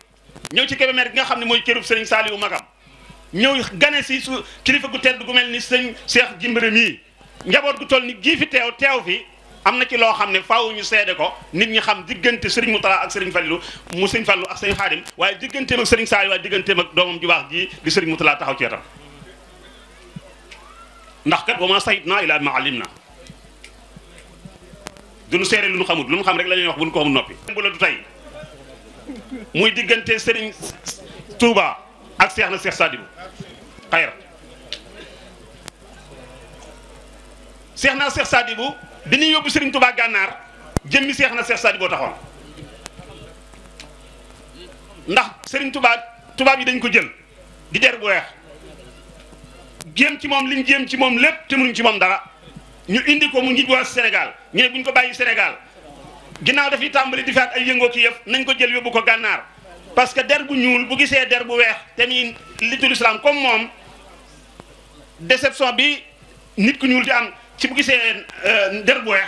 ñëw ci Kébémer nga xamni moy mooy kërub sëriñ Saliou Magam ñëw gane ci su kilifa gu tedd gu melni serigne Cheikh jimbere mi njabot gu toll ni gii fi tew tew fi amna ci lo xam faawu ñu sédé ko nit ñi xam digënté serigne Moutala ak serigne Fallu mu serigne Fallu ak serigne khadim waye digënté ak serigne Saliou waye digënté ak domam ju baax gi di serigne Moutala taxaw ci wetam ndax kat wama sayyidna ila naa ma alim duñu séré lu ñu xamul lu ñu xam rek lañuy wax buñ ko xamul noppi bu la du tay muy diggante Serigne Touba ak Seex na Seex Saadibu xayr Seex naa Seex Saadibu bi ñuy yóbbu Serigne Touba gànnaar jëmmi Seex na Seex Saadibu taxoon ndax Serigne Touba tubaab yi dañ ko jël di jar bu weex jéem ci moom liñ jéem ci moom lépp te mënuñ ci moom dara ñu indi ko mu njiit waa Sénégal ñu ne buñ ko bàyyi senegal ginnaaw dafiy tàmbali di faat ay yëngoo ki yëf nañ ko jël yóbbu ko gànnaar parce que der bu ñuul bu gisee der bu weex te muy nitul islam comme moom déception bi nit ku ñuul di am ci bu gisee euh, der bu weex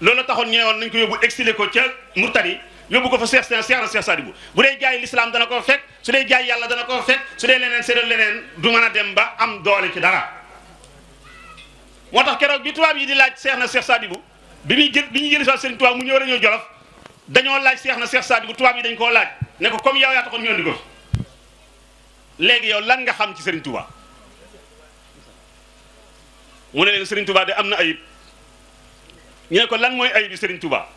loolu taxoon ñu nañ ko yóbbu exilé ko ca Murtari yóbbu ko fa Seex Seex Seex Saadibu bu dee jaay l'islam dana ko fekk su dee jaay yàlla dana ko fekk su dee leneen séeréer leneen du mën a dem ba am doole ci dara moo tax keroog bi tubaab yi di laaj Seex na Seex Saadibu bi muy jël bi ñu jëli saa sëriñ Tuubaa mu ñëw dañoo jolof dañoo laaj seex na seex Saadibu tubaab yi dañ koo laaj ne ko comme yow yaa taxoon ñu andi ko léegi yow lan nga xam ci sëriñ Tuubaa mu ne leen sëriñ Tuubaa de am na ayib ñu ko lan mooy ayib bi sëriñ tubaa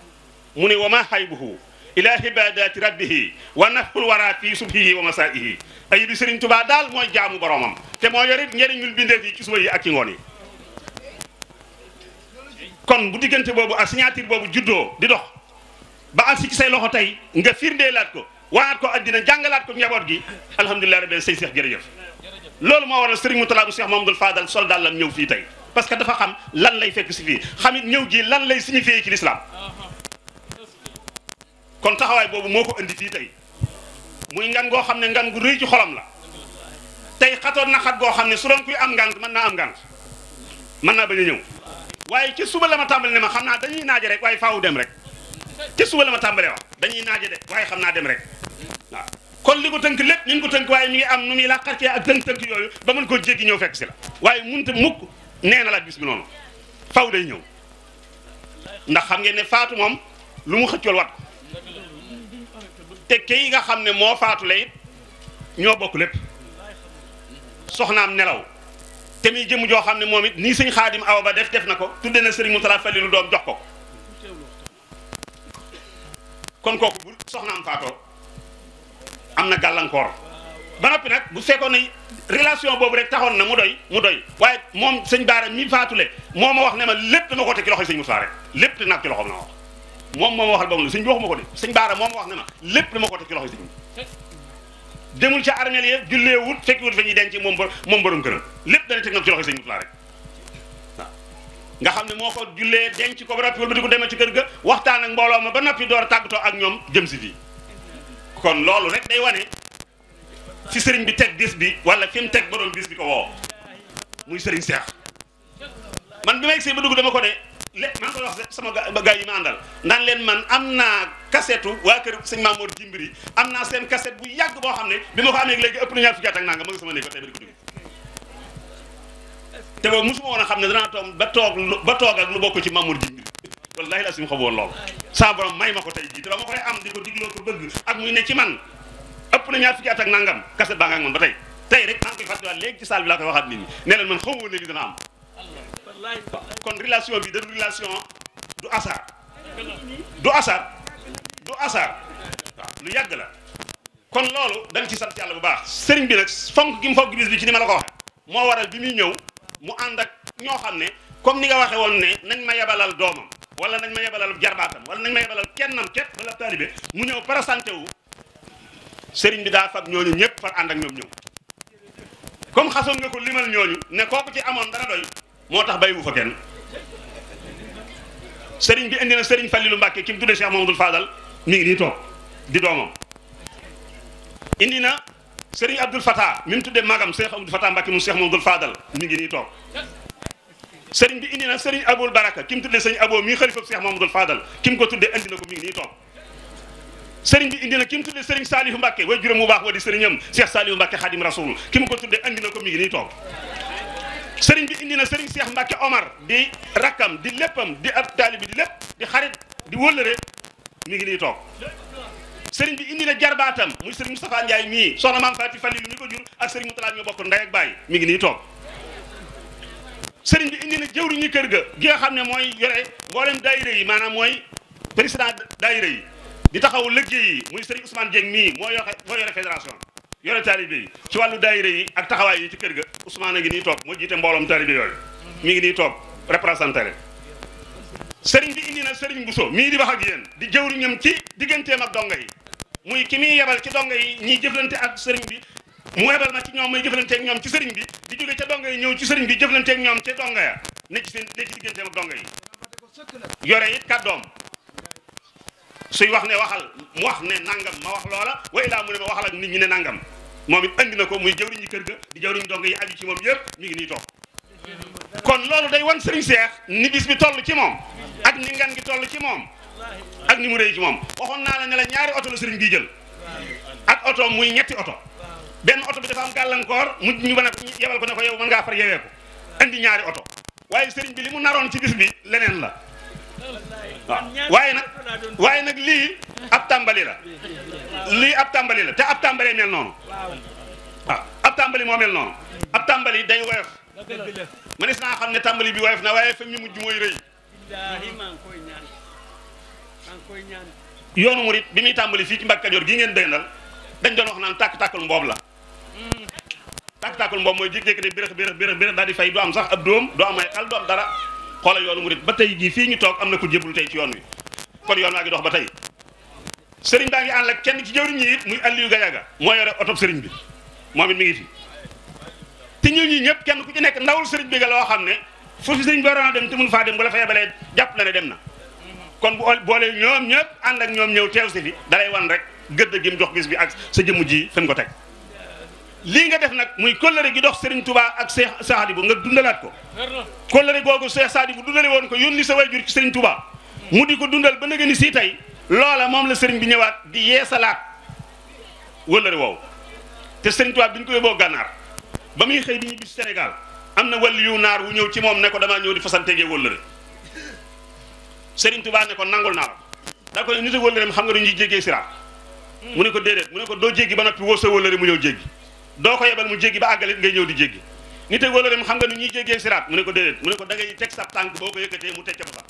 mu ne wa ma xaybuhu ila ibadati rabbihi wa naful wara fi subhihi wa masaihi ayib bi sëriñ Tuubaa daal mooy jaamu boromam te moo yorit njëriñul bindeef yi ci suba yi ak ci ngoon yi kon bu diggante boobu ak signature boobu juddoo di dox ba ak si ci say loxo tey nga laat ko waxaat ko addina jàngalaat ko njaboot gi alhamdulilah rabbi say seex jërëjëf loolu moo waral Serigne Moutala bu Seex Mamadou Fadal sol daal lam ñëw fii tey parce que dafa xam lan lay fekk si fii xamit ñëw gi lan lay signifié ci lislaam kon taxawaay boobu moo ko indi fii tey muy ngan goo xam ne ngan gu rëy ci xolam la tey xatoon na xat goo xam ne su doon am ngant mën naa am ngant mën naa waaye ci suba la ma tàmbali ne ma xam naa dañuy naaje rek waaye faw dem rek ci suba la ma tàmbalee wax dañuy naaje de waaye xam naa dem rek waaw kon li ko tënk lépp ñu ko tënk waaye mi ngi am nu muy la xarcee ak tënk-tënk yooyu ba mën koo jéggi ñëw fekk si la waaye munta mukk nee na la bis faw day ñëw ndax xam ngeen ne faatu moom lu mu xëccool wat ko te kii nga xam ne moo faatu la ñoo bokk lépp soxnaam nelaw te muy jëmm joo xam ne moom it nii sëñ xaadim awa ba def def na ko tudde na sëriñ Moutala Fallilu doom jox ko kon kooku bu soxnaam faatoo am na gàllankoor ba noppi nag bu fekkoon ne relation boobu rek taxoon na mu doy mu doy waaye moom sëñ Baara mi faatule moo ma wax ne ma lépp dama ko teg ci loxoy sëñ Moussa rek lépp dina ko ci loxoom na wax moom moo ma waxal ba mu bi waxuma ko de sëñ Baara moo wax ne ma lépp dama ko teg ci loxoy sëñ demul ca jullee ya julleewul fekkiwul fa ñuy denc moom moom borom këram lépp dana teg nag ci loxo sëñ Mutulaa rek waaw nga xam ne moo ko jullee denc ko ba noppi wala di ko demee ci kër ga waxtaan ak mbooloo ma ba noppi door a tàggatoo ak ñoom jëm si fii kon loolu rek day wane ci sëriñ bi teg bis bi wala fi mu teg borom bis bi ko woo muy sëriñ Seex man bi may sëy ba dugg dama ko ne lépp maa sama gars yi ma man am kasetu waa kër sëñ Mamour am kaset bu yàgg boo xam ne bi ma ko amee léegi ëpp na ñaar fukki at ak nanga ma nga sama néeg ba tey ba di ko déglu te boobu mosuma woon a xam ne am di ko digloo ko bëgg nangam kaset baa nga ak man ba tey tey rek maa ngi koy fàttewaat léegi ci salle bi nit ñi man xamu woon ne am kon relation bi dañu relation du hasard du hasard du hasard lu yàgg la kon loolu da nga ci sant yàlla bu baax sëriñ bi nag fonk gi mu fonk bis bi ci ni ma la ko waxee moo waral bi muy ñëw mu ànd ak ñoo xam ne comme ni nga waxee woon ne nañ ma yebalal doomam wala nañ ma yebalal jarbaatam wala nañ ma yebalal kennam képp wala taalibe mu ñëw présenté wu sëriñ bi daa fag ñooñu ñëpp far ànd ak ñoom ñëw comme xasoon nga ko limal ñooñu ne kooku ci amoon dara motax tax fa kenn serigne bi indi na sëriñ Fallilu Mbàkke kim tudde Cheikh Mamadou Fadal mi ngi nii toog di domam indi na sëriñ Abdoul Fatah mi mu magam Cheikh Abdoul Fatah Mbàkke mu Cheikh Mamadou Fadal mi ngi nii tok serigne bi indi na sëriñ Aboul Baraka kim tudde serigne sëriñ Abo mi khalifa Cheikh Mamadou Fadal kim ko tudde indi na ko mi ngi nii tok serigne bi indi na ki mu tuddee Salihu Mbàkke way juróom bu baax wa di sëriñam Cheikh Salihu Mbàkke khadim rasoul kim ko tudde indi na ko mi ngi nii tok sëriñ bi indi na sëriñ Seex Mbàkke Omar di rakkam di léppam di ab taalibi di lépp di xarit di wëllëre mu ngi nii toog sëriñ bi indi na jarbaatam muy sëriñ Moustapha Ndiaye mii soxna maam Faati Falilu mi ko jur ak sëriñ Moutala ñoo bokk ndey ak baay mi ngi nii toog sëriñ bi indi na ñu kër ga gi nga xam ne mooy yore mboolem daayira yi maanaam mooy président daayira yi di taxaw liggéey yi muy sëriñ Ousmane jeek mii moo yore moo yore fédération yore taalibe yi ci wàllu dayre yi ak taxawaay yi ci kër ga Ousmane a ngi nii toog moo jiite mbooloom taalibe yooyu mi ngi nii toog représenté leen sëriñ bi indi na sëriñ so mii di wax ak yéen di jëwriñam ci digganteem ak donga yi muy ki muy yebal ci donga yi ñiy jëflante ak sëriñ bi mu yebal ma ci ñoom may jëflante ak ñoom ci sëriñ bi di jóge ca donga yi ñëw ci sëriñ bi jëflante ñoom ca donga ya ne ci seen ne ci digganteem ak donga yi yore it kàddoom suy wax ne waxal mu wax ne nangam ma wax loola way laa mu ne ma waxal ak nit ñi ne nangam moom it indi na ko muy jëwriñu kër ga di jëwriñu dong yi aju ci moom yëpp mi ngi nii toog kon loolu day wan Serigne Cheikh ni bis bi toll ci moom ak ni ngan gi toll ci moom ak ni mu rëy ci moom waxoon naa la ne la ñaari oto la Serigne bi jël ak oto muy ñetti oto benn oto bi dafa am gàllankoor mu ñu mën a yebal ko ne ko yow mën ngaa far yewee ko andi ñaari oto waaye Serigne ci bis bi leneen la. waye nak waye nak li, ab tambali la li ab tambali la te ab tambali mel non ah ab tambali mo mel non ab tambali day woyof manis na xamne tambali bi woyof na waaye fa mu mujj koy ñaan yoonu murit bi mi tambali fi ci Mbàkke Kajoor gi ngeen deenal dañ doon wax naan tak takul mbob la tak takul mbob moy jékki-jékki ne bérëx bérëx bérëx bérëx di fay do am sax ab dom do am ay xal do am dara xoolal yoonu murit ba tey jii fii ñu toog am na ku jébul tey ci yoon wi kon yoon waa ngi dox ba tey sëriñ baa ngi ànd kenn ci jëwriñ ñi it muy Aliou Gayaga moo yore oto sëriñ bi moom it mi ngi fi te ñëw ñi ñëpp kenn ku ci nekk ndawul sëriñ bi nga loo xam ne foofu fi sëriñ bi waroon a dem te mun faa dem bu la fa yebalee jàpp na ne dem na kon bu boolee ñoom ñëpp ànd ak ñoom ñëw teew si fi dalay wan rek gëdd jëm jox bis bi ak sa jëmm ji fi ko teg lii nga def nag muy kóllëre gi dox Serigne Touba ak Cheikh Sadibou nga dundalaat ko kóllëre googu Cheikh Sadibou dundale woon ko yónni sa wayjur ci Serigne Touba mu di ko dundal ba nga ni sii tey loola moom la Serigne bi ñëwaat di yeesalaat wëllëre woowu te Serigne Touba bi ñu ko ba muy xëy di ñibbi Sénégal am na wàllu yu naar wu ñëw ci moom ne damaa ñëw di fasanteegee wëllëre Serigne Touba ne ko nangul naa la daa ko ne nit a wëllëreem xam nga dañuy jéggee mu ne ko mu ko doo jéggi ba noppi woo sa wëllëre mu ñëw jéggi doo ko yebal mu jéggi ba àggalit ngay ñëw di jéggi nit ak wóllëreem xam nga nu ñuy jéggee siraat mu ne ko déedéet mu ne ko da teg sa tànk boo ko yëkkatee mu tekki basam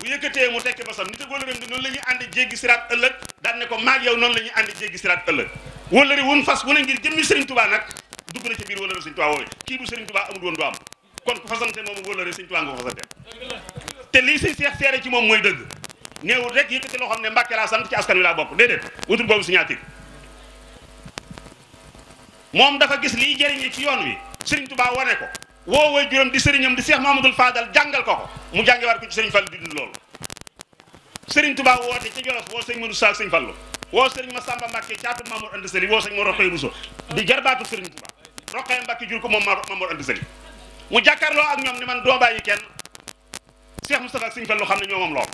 bu yëkkatee mu tekki basam nit ak wóllëreem noonu la ñuy àndi jéggi siraat ëllëg daan ne ko maag yow noonu la ñuy àndi jéggi siraat ëllëg wóllëri wun fas wu ne ngir jëmmi Sëriñ Tuubaa nag dugg na ci biir wóllëre Sëriñ Tuubaa woowee kii bu Sëriñ moom te lii sëñ Seex seere ci moom mooy dëgg néewul rek loo xam ne Mbàkke laa sant ci askan wi laa moom dafa gis liy jëriñe ci yoon wi sëriñ Tuubaa wane ko woo way juróom di sëriñam di Cheikh Mamadou Fadal jàngal ko ko mu jàngewaat ko ci sëriñ Fallu di dund loolu sëriñ Tuubaa woote ca Jolof woo sëñ Modou Sall sëñ Fallu woo sëriñ Massamba Mbàkke caatu Mamour Anta Sali woo sëñ Mor Roqay Bousso di jarbaatu sëriñ Tuubaa Roqay Mbàkke jur ko moom Mamour Anta Sali mu jàkkaarloo ak ñoom ni man doo bàyyi kenn Cheikh Moustapha ak sëñ Fallu xam ne ñoo moom loolu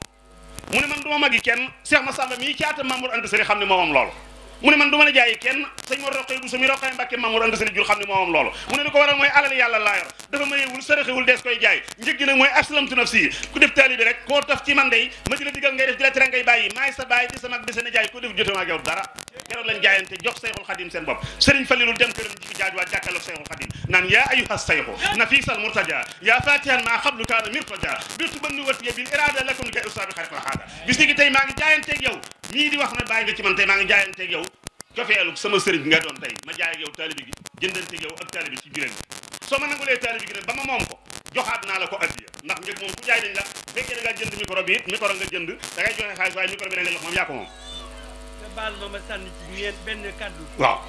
mu ne man ma magi kenn Cheikh Massamba mii caatu Mamour Anta Sali xam ne moo loolu mune man duma la jaay kenn seigne Mor Roqe bu sumi Roqe Mbàkke Mamour ànd seen jur xamni mo am loolu mune ni ko waral moy alal yàlla la yor dafa mayeewul saraxewul des koy jaay njëg nak moy aslamtu nafsi ku def talibi rek ko taf ci man day ma di la digal ngay def di la tere ngay bàyyi may sa bàyyi di sa mag di seen jaay ko def jotuma ak yow dara kero lañ jaayante jox Seyxul khadim sen bop serigne Falilul dem kërëm ci jaaj wa jakkal Seyxul khadim nan ya ayyuha sayxu nafisal murtaja ya fatihan ma qablu kana mirtaja birtu banni watiya bil irada lakum li kay ustabi xarit wa xaada bis ni ngi jaayante ak yow lii di wax na bàyyi nga ci man tey maa ngi jaayanteeg yow cofeelu sama sëriñ nga doon tey ma jaay ak yow taalibi gi jëndanteeg yow ak taalibi ci biiram soo ma nangulee taalibi gi nag ba ma moom ko joxaat naa la ko addiya ndax njëg moom ku jaay dañ la fekkee da ngaa jënd micro bi it micro nga jënd da ngay joxe xaalis waaye micro bi da nga jox moom yaa ko moom nga baal ma ma sànni ci ñeent benn kàddu waaw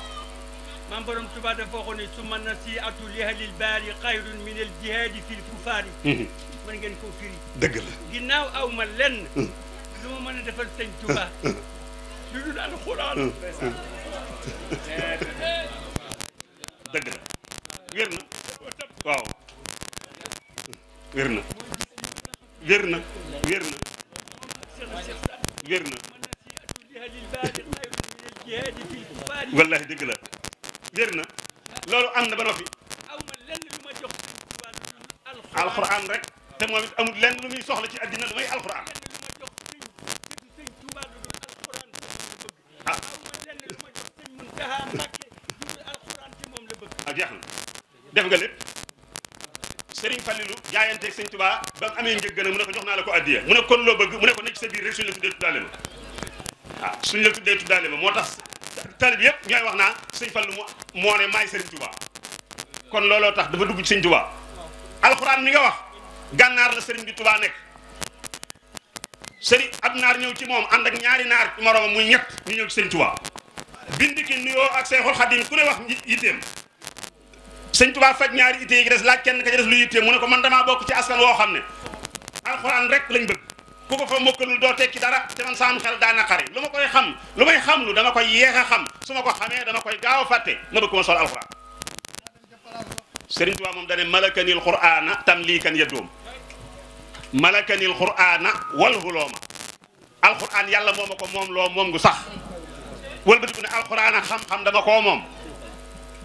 maam borom Tuubaa dafa waxoon ne su man nasiihatu li ahlil baari xayrun min al jihaadi fil kufaari mën ngeen koo firi dëgg la ginnaaw aw ma lenn lu ma mën a defal sëñ Tuba lu dul alxuraan dëgg la wér na waaw wér na wér na wér na wér na wallahi dëgg la wér na loolu am na ba noppi alxuraan rek te moom it amul lenn lu muy soxla ci addina lu may alxuraan ak sëñ Tuubaa ba mu amee njëg gën a mu ne ko jox naa la ko addiya mu ne kon loo bëgg mu ne ko nekk ci sa biir rek suñ la tuddee tuddaale ma waaw suñ la tuddee tuddaale ma moo tax talib yëpp ñooy wax naa sëñ Fallu moo ne maay sëriñ Tuubaa kon looloo tax dafa dugg ci sëñ Tuubaa alxuraan mi nga wax gànnaar la sëriñ bi Tuubaa nekk sëriñ ab naar ñëw ci moom ànd ak ñaari naar moroomam muy ñett ñu ñëw ci sëñ Tuubaa bind ki nuyoo ak Seexul Xadiim ku ne wax yitteem seigne touba faj ñaari ité yi dess laaj kenn ka dess lu yité mu ne ko man dama bok ci askan wo xamne alcorane rek lañ bëgg ku ko fa mokalul do tekki dara te man saam xel da na xari luma koy xam lumay xam lu dama koy yéxa xam suma ma ko xamee dama koy gaaw faté fàtte bëgg ko sol alcorane seigne touba mom dane malakanil qur'aana tamliikan yaddoom malakanil wal huluma alcorane yàlla momako mom lo mom gu sax wal bëgg ne alcorane xam-xam dama ko mom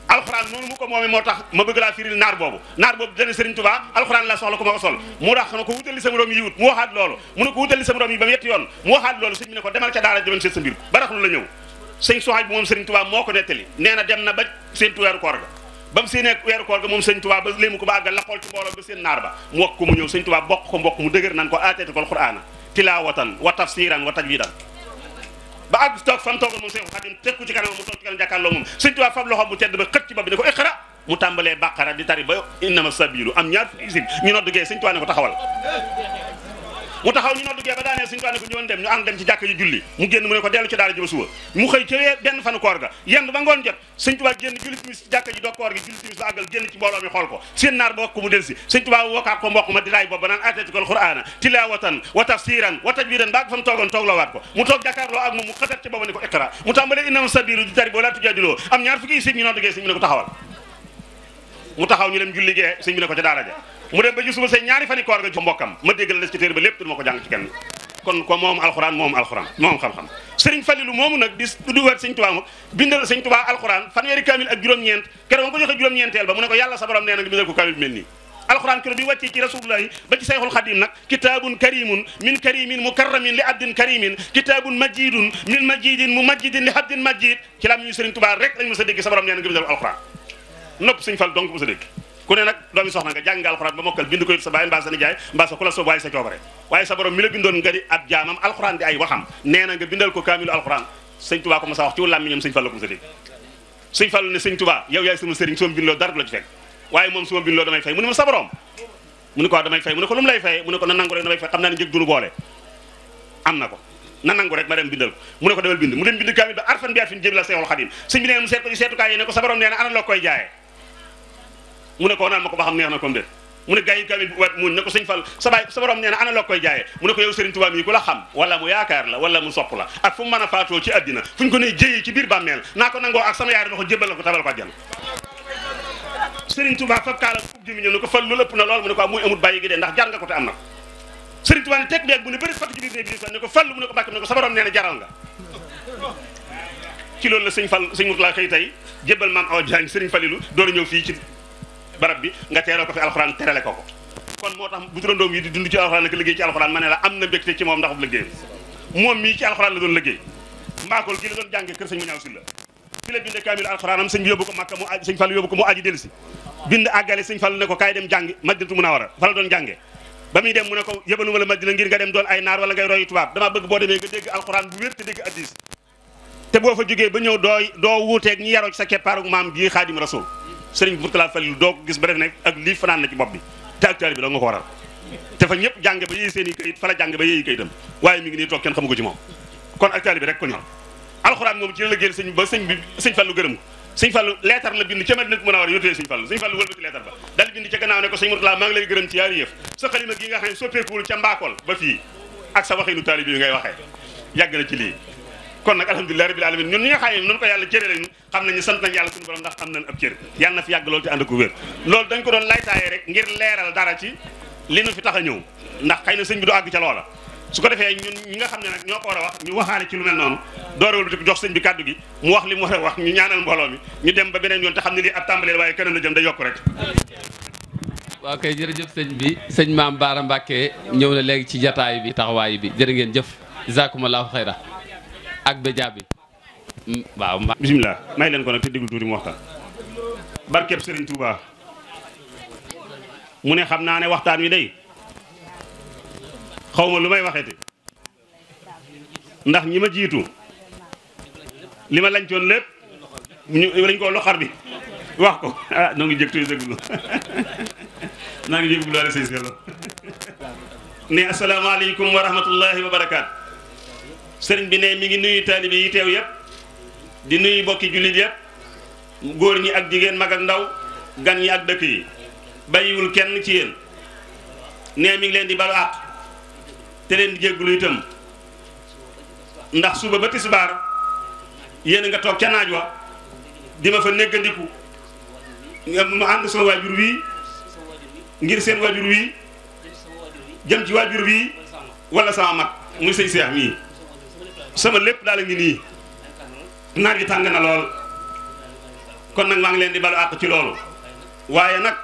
alxuraan noonu mu ko moomee moo tax ma bëgg laa firil naar boobu naar boobu dana Serigne Touba alxuraan la soxla ko ma ko sol mu tax na ko wutali sama room yi wut mu waxaat loolu mu ne ko wutali sama room yi ba mu yetti yoon mu waxaat loolu sëñ bi ne ko demal ca daara demal seet sa mbir ba raxlu la ñëw sëñ soxaaj bi moom Serigne Touba moo ko nettali nee na dem na ba seen weeru koor ga ba mu seenee weeru koor ga moom sëñ Touba ba léemu ko ba àggal la xool ci mbooloo ba seen naar ba mu wax ko mu ñëw sëñ Touba bokk ko mbokk mu dëgër nan ko aateete ko alxuraana tilawatan wa tafsiran wa tajwidan ba àgg toog fam toogoon moom Seexul Xadim teg ko ci kanam mu toog ci kanam jàkkaarloo moom sëñ fab loxoom bu tedd ba xëcc ba bi ko iqra mu tàmbalee bàqara di tari ba innama sabilu am ñaar fukki isib ñu nodd gee sëñ Tuubaa ne taxawal mu taxaw ñu noddu gee daane daaneel suñu ne ko ñëwoon dem ñu ànd dem ci jàkk ji julli mu génn mu ne ko dellu ci daara ji ba suba mu xëy ca benn fanu koor ga yenn ba ngoon jot sëñ tubaa génn julli timis ci jàkk ji do koor gi julli timis ba àggal génn ci mbooloo mi xool ko seen naar ba wax mu mu si sëñ tubaa wokkaat ko mbokk ma di laay booba naan atletikal qur'aana tilawatan wa tafsiran wa tajwidan baag fa mu toogoon toog loowaat ko mu toog jàkkaarloo ak moom mu xatat ci booba ne ko iqra mu tàmbalee innama sabiru di tari boo laa tujadiloo am ñaar fukki sëñ ñu noddu gee sëñ mu ne ko taxawal mutahaw ñu dem julli ge sëñ bi ne ko ci daara ja mu dem ba ci suma señ ñaari fani koor ga ci mbokam ma déggal les ci téere ba lépp duma ko jàng ci kenn kon ko mom alquran mom alquran mom xam-xam señ Falilu mom nak di du wër sëñ tuba moom bindal sëñ tuba alquran alxuraan fanweeri kamil ak juroom ñent kero nga ko joxe juroom ñentel ba mu ne ko yàlla sabaram neena nee nga bindal ko kamil melni nii alxuraan keroog bi wàccee ci rasulullahi ba ci sayxul xadim nag kitaabun karimun min karimin mukarramin li abdin karimin kitaabun majidun min majidin mu majidin li abdin majid ci lam ñu sëriñ Tuubaa rek lañ mës dégg sa borom nga bindal ko nopp suñ fal donc mos a dégg ku ne nag doomi soxna nga jàng nga alxuraan ba mokkal bind ko sa bàyyi mbaa sa nijaay mbaa ku la soob waaye sa coobare nee na ana loo koy jaayee mu ne ko naan ma ko ba xam neex na ko de mu ne gars yi kaamil bu wet ne ko sëñ Fall sa bay sa borom neena ana la koy jaay mu ne ko yow Serigne Touba mi ku la xam wala mu yaakar la wala mu sopp la ak fu meuna faato ci adina fuñ ko ne jeeyi ci bir bammel naa ko nangoo ak sama yaari loxo jebal ko tabal ko àjjana Serigne Touba fab kaala fub jimi ñu ko fal lu lépp na lool mu ne ko muy amul bàyyi gi de ndax jar nga ko te amna na ko Serigne Touba ne teg beeg bu ne bëri fàtt ci bir néeg ko ne ko fal mu ne ko bakki ne ko sa borom neena jaral nga ci loolu la sëñ Fall sëñ Mourtala xëy tay jebal mam aw jaañ Serigne Falilou door ñëw fi ci barab bi nga teeroo ko fi alxuraan terale ko kon moo tax bu turandoom yi di dund ci alxuraan ak liggéey ci alxuraan ma ne la am na mbégte ci moom ndax bu liggéey moom mii ci alxuraan la doon liggéey mbaakool gi la doon jànge kër sëñ mu si la fi la bind kaamil alxuraan am bi yóbbu ko màkka mu aj sëñ fàllu yóbbu ko mu aji dellu si bind àggale sëñ fàllu ne ko kaay dem jàngi madinatu munawara fa la doon jànge ba muy dem mu ne ko yebaluma la madina boo demee ba ñëw dooy doo wuuteeg ñi yaroo ci sa keppaaru maam bii xaadim rasul sëriñ Mourtala Falilou doo ko gis ba def ne ak na ci bopp bi ñëpp jàng ba yéey seen i kayit fa la jàng ba yéey ngi nii toog kenn xamu ko ci moom kon ak moom ci la liggéeyal sëñ ba sëñ bi sëñ Fallu gërëm ko sëñ Fallu leetar la bind ca Madina mën a war yóotee sëñ Fallu sëñ Fallu wëlbati leetar ba dal bind ca gannaaw ne ko sëñ Mourtala maa ngi lay gërëm ci yaari yëf sa xalima gi nga xam ne soppeekuwul ca mbaakool ba fii ak sa waxinu taalibe bi ngay waxee yàgg na ci lii kon nag alhamdulilah rabbil alamin ñun ñi nga xam ne noonu ko yàlla cëre sant nañ yàlla suñu borom ndax am nañ ab cër yàlla na fi yàgg loolu te ànd doon rek ngir leeral dara ci li nu fi tax a ñëw ndax xëy na sëñ bi du àgg ca loola su ko defee ñun ñi nga xam ne nag ñoo ko war a wax ñu waxaane ci lu mel noonu doorewul di ko jox sëñ bi kàddu gi mu wax li mu war a wax ñu ñaanal mbooloo mi ñu dem ba beneen yoon te xam ne lii ab tàmbaleel waaye kanam la jëm day yokk waaw kay jërëjëf sëñ bi sëñ maam Baara Mbàkke ñëw na léegi ci jataay bi taxawaay bi jërë ngeen jëf jazakumullahu xayra ak ba jaabi mm, waaw bisimilah may leen ko nag te déglu tuuti mu waxtaan barkeb Serigne Touba mu ne xam naa ne waxtaan wi day xaw ma lu may waxeeti ndax ñi ma jiitu li ma lañcoon lépp ñu lañ ko loxar bi wax ko ah noo ngi jëg tuy déglu naa ngi wa rahmatullahi wa barakaatu sëriñ bi ne mi ngi nuyu taalibe yi teew yëpp di nuyu bokki jullit yëpp góor ñi ak jigéen mag ak ndaw gan yi ak dëkk yi bàyyiwul kenn ci yéen ne mi ngi leen di balu àq te leen di jéggulu itam ndax suba ba tisbaar yéen nga toog ca naaj wa di ma fa néggandiku mu ànd sama waajur wii ngir seen waajur wii jëm ci waajur wii wala sama mag muy sëñ seex mii sama lepp dal a ngi nii naaj wi na kon nak ma ngi len di balu ak ci loolu waye nak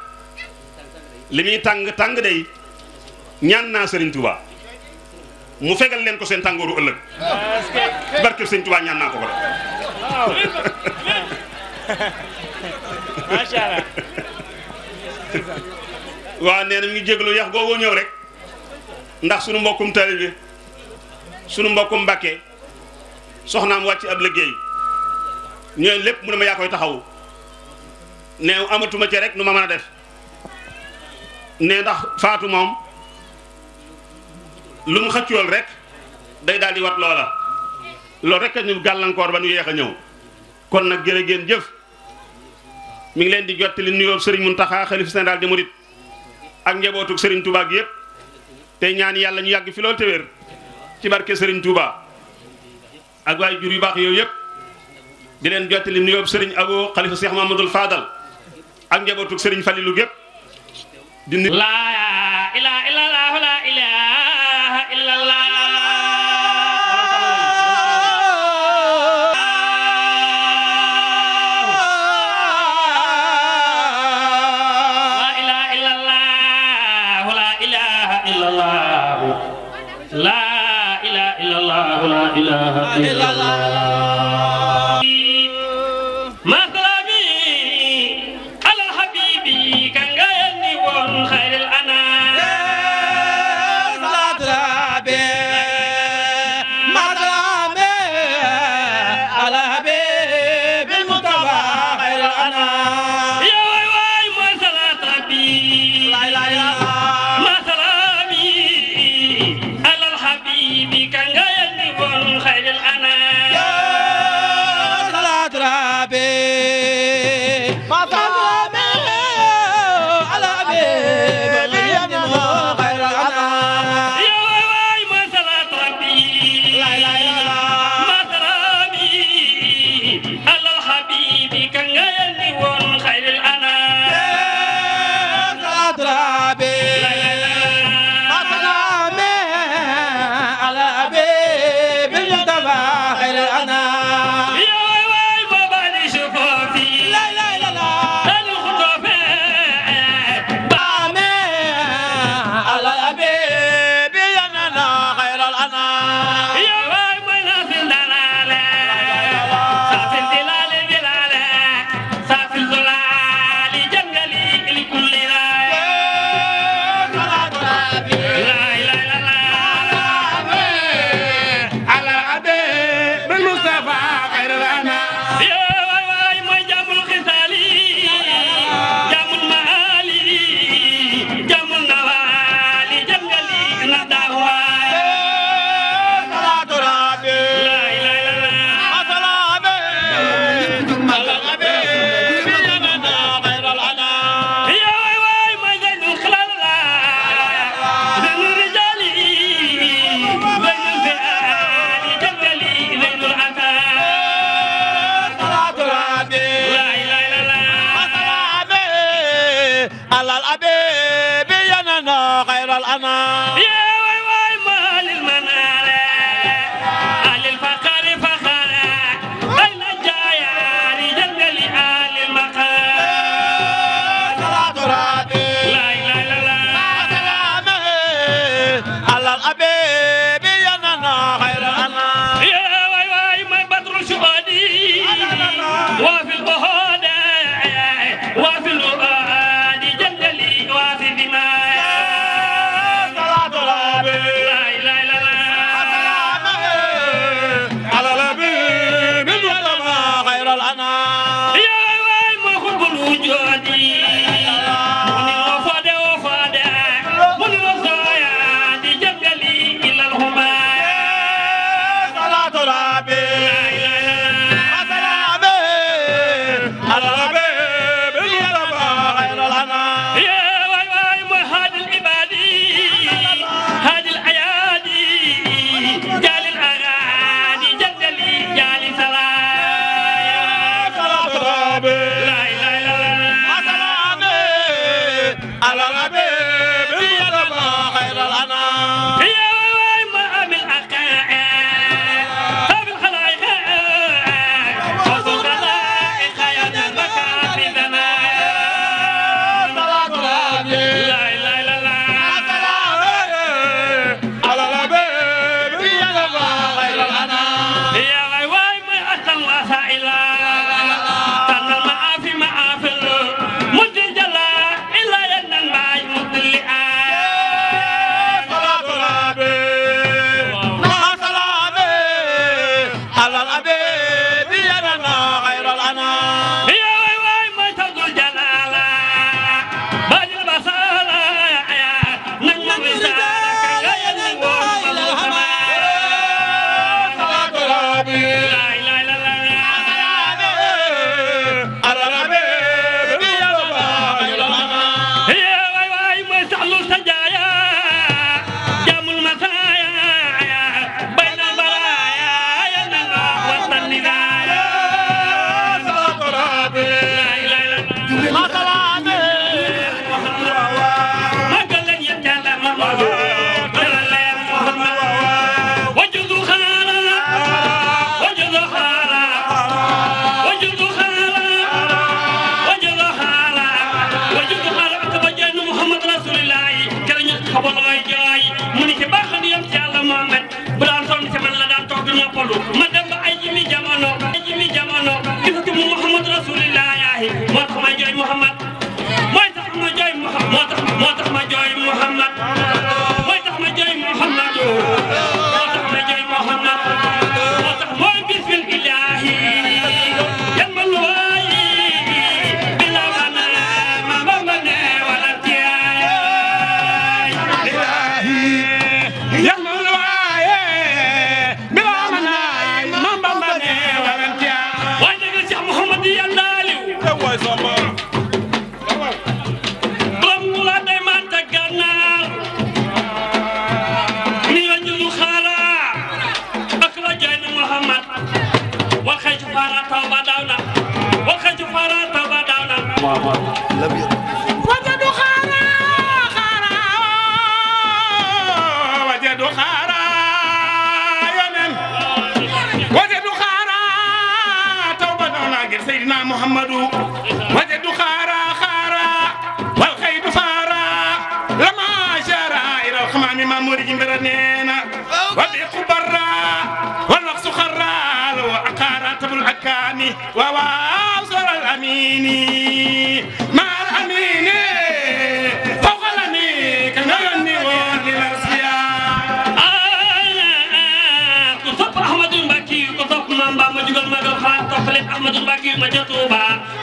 limi tang tang day ñaan na Serigne Touba mu fegal len ko sen tangoru euleuk barke Serigne Touba ñaan na ko ko de. macha allah. waaw nee na mi ngi jégalu yax googoo ñëw rek ndax suñu mbokum taalibe suñu mbokum mbokkum soxnaam wàcc ab liggéey ñooñu lépp mu ma yaa koy taxawu ne amatuma ci rek nu ma mën def ne ndax faatu moom lu mu xëccool rek day daal di wat loola loolu rek ñu gàllankoor ba ñu yeex a ñëw kon nag jërë ngeen jëf mu ngi leen di jottali nuyoo Serigne Mountakha xalifa général des mourides ak njabootu sëriñ Touba gi yëpp tey ñaani yàlla ñu yàgg fi loolu ci barke sëriñ Touba. ak waay jur yu baax yooyu yëpp di leen jottali nuyoo sëriñ Abo xalifa Cheikh Mamadou Fadal ak njabootu sëriñ Falilou gépp di nuyu. إله إلا الله محمد وجد خارا خارا والخيط فارا لما جرى إلى الخمام ما مورج برنينا وبيق برا والنقص خرا لو أقارات بالحكام وواصل الأمين Ahmadou Mbacké ma ca Touba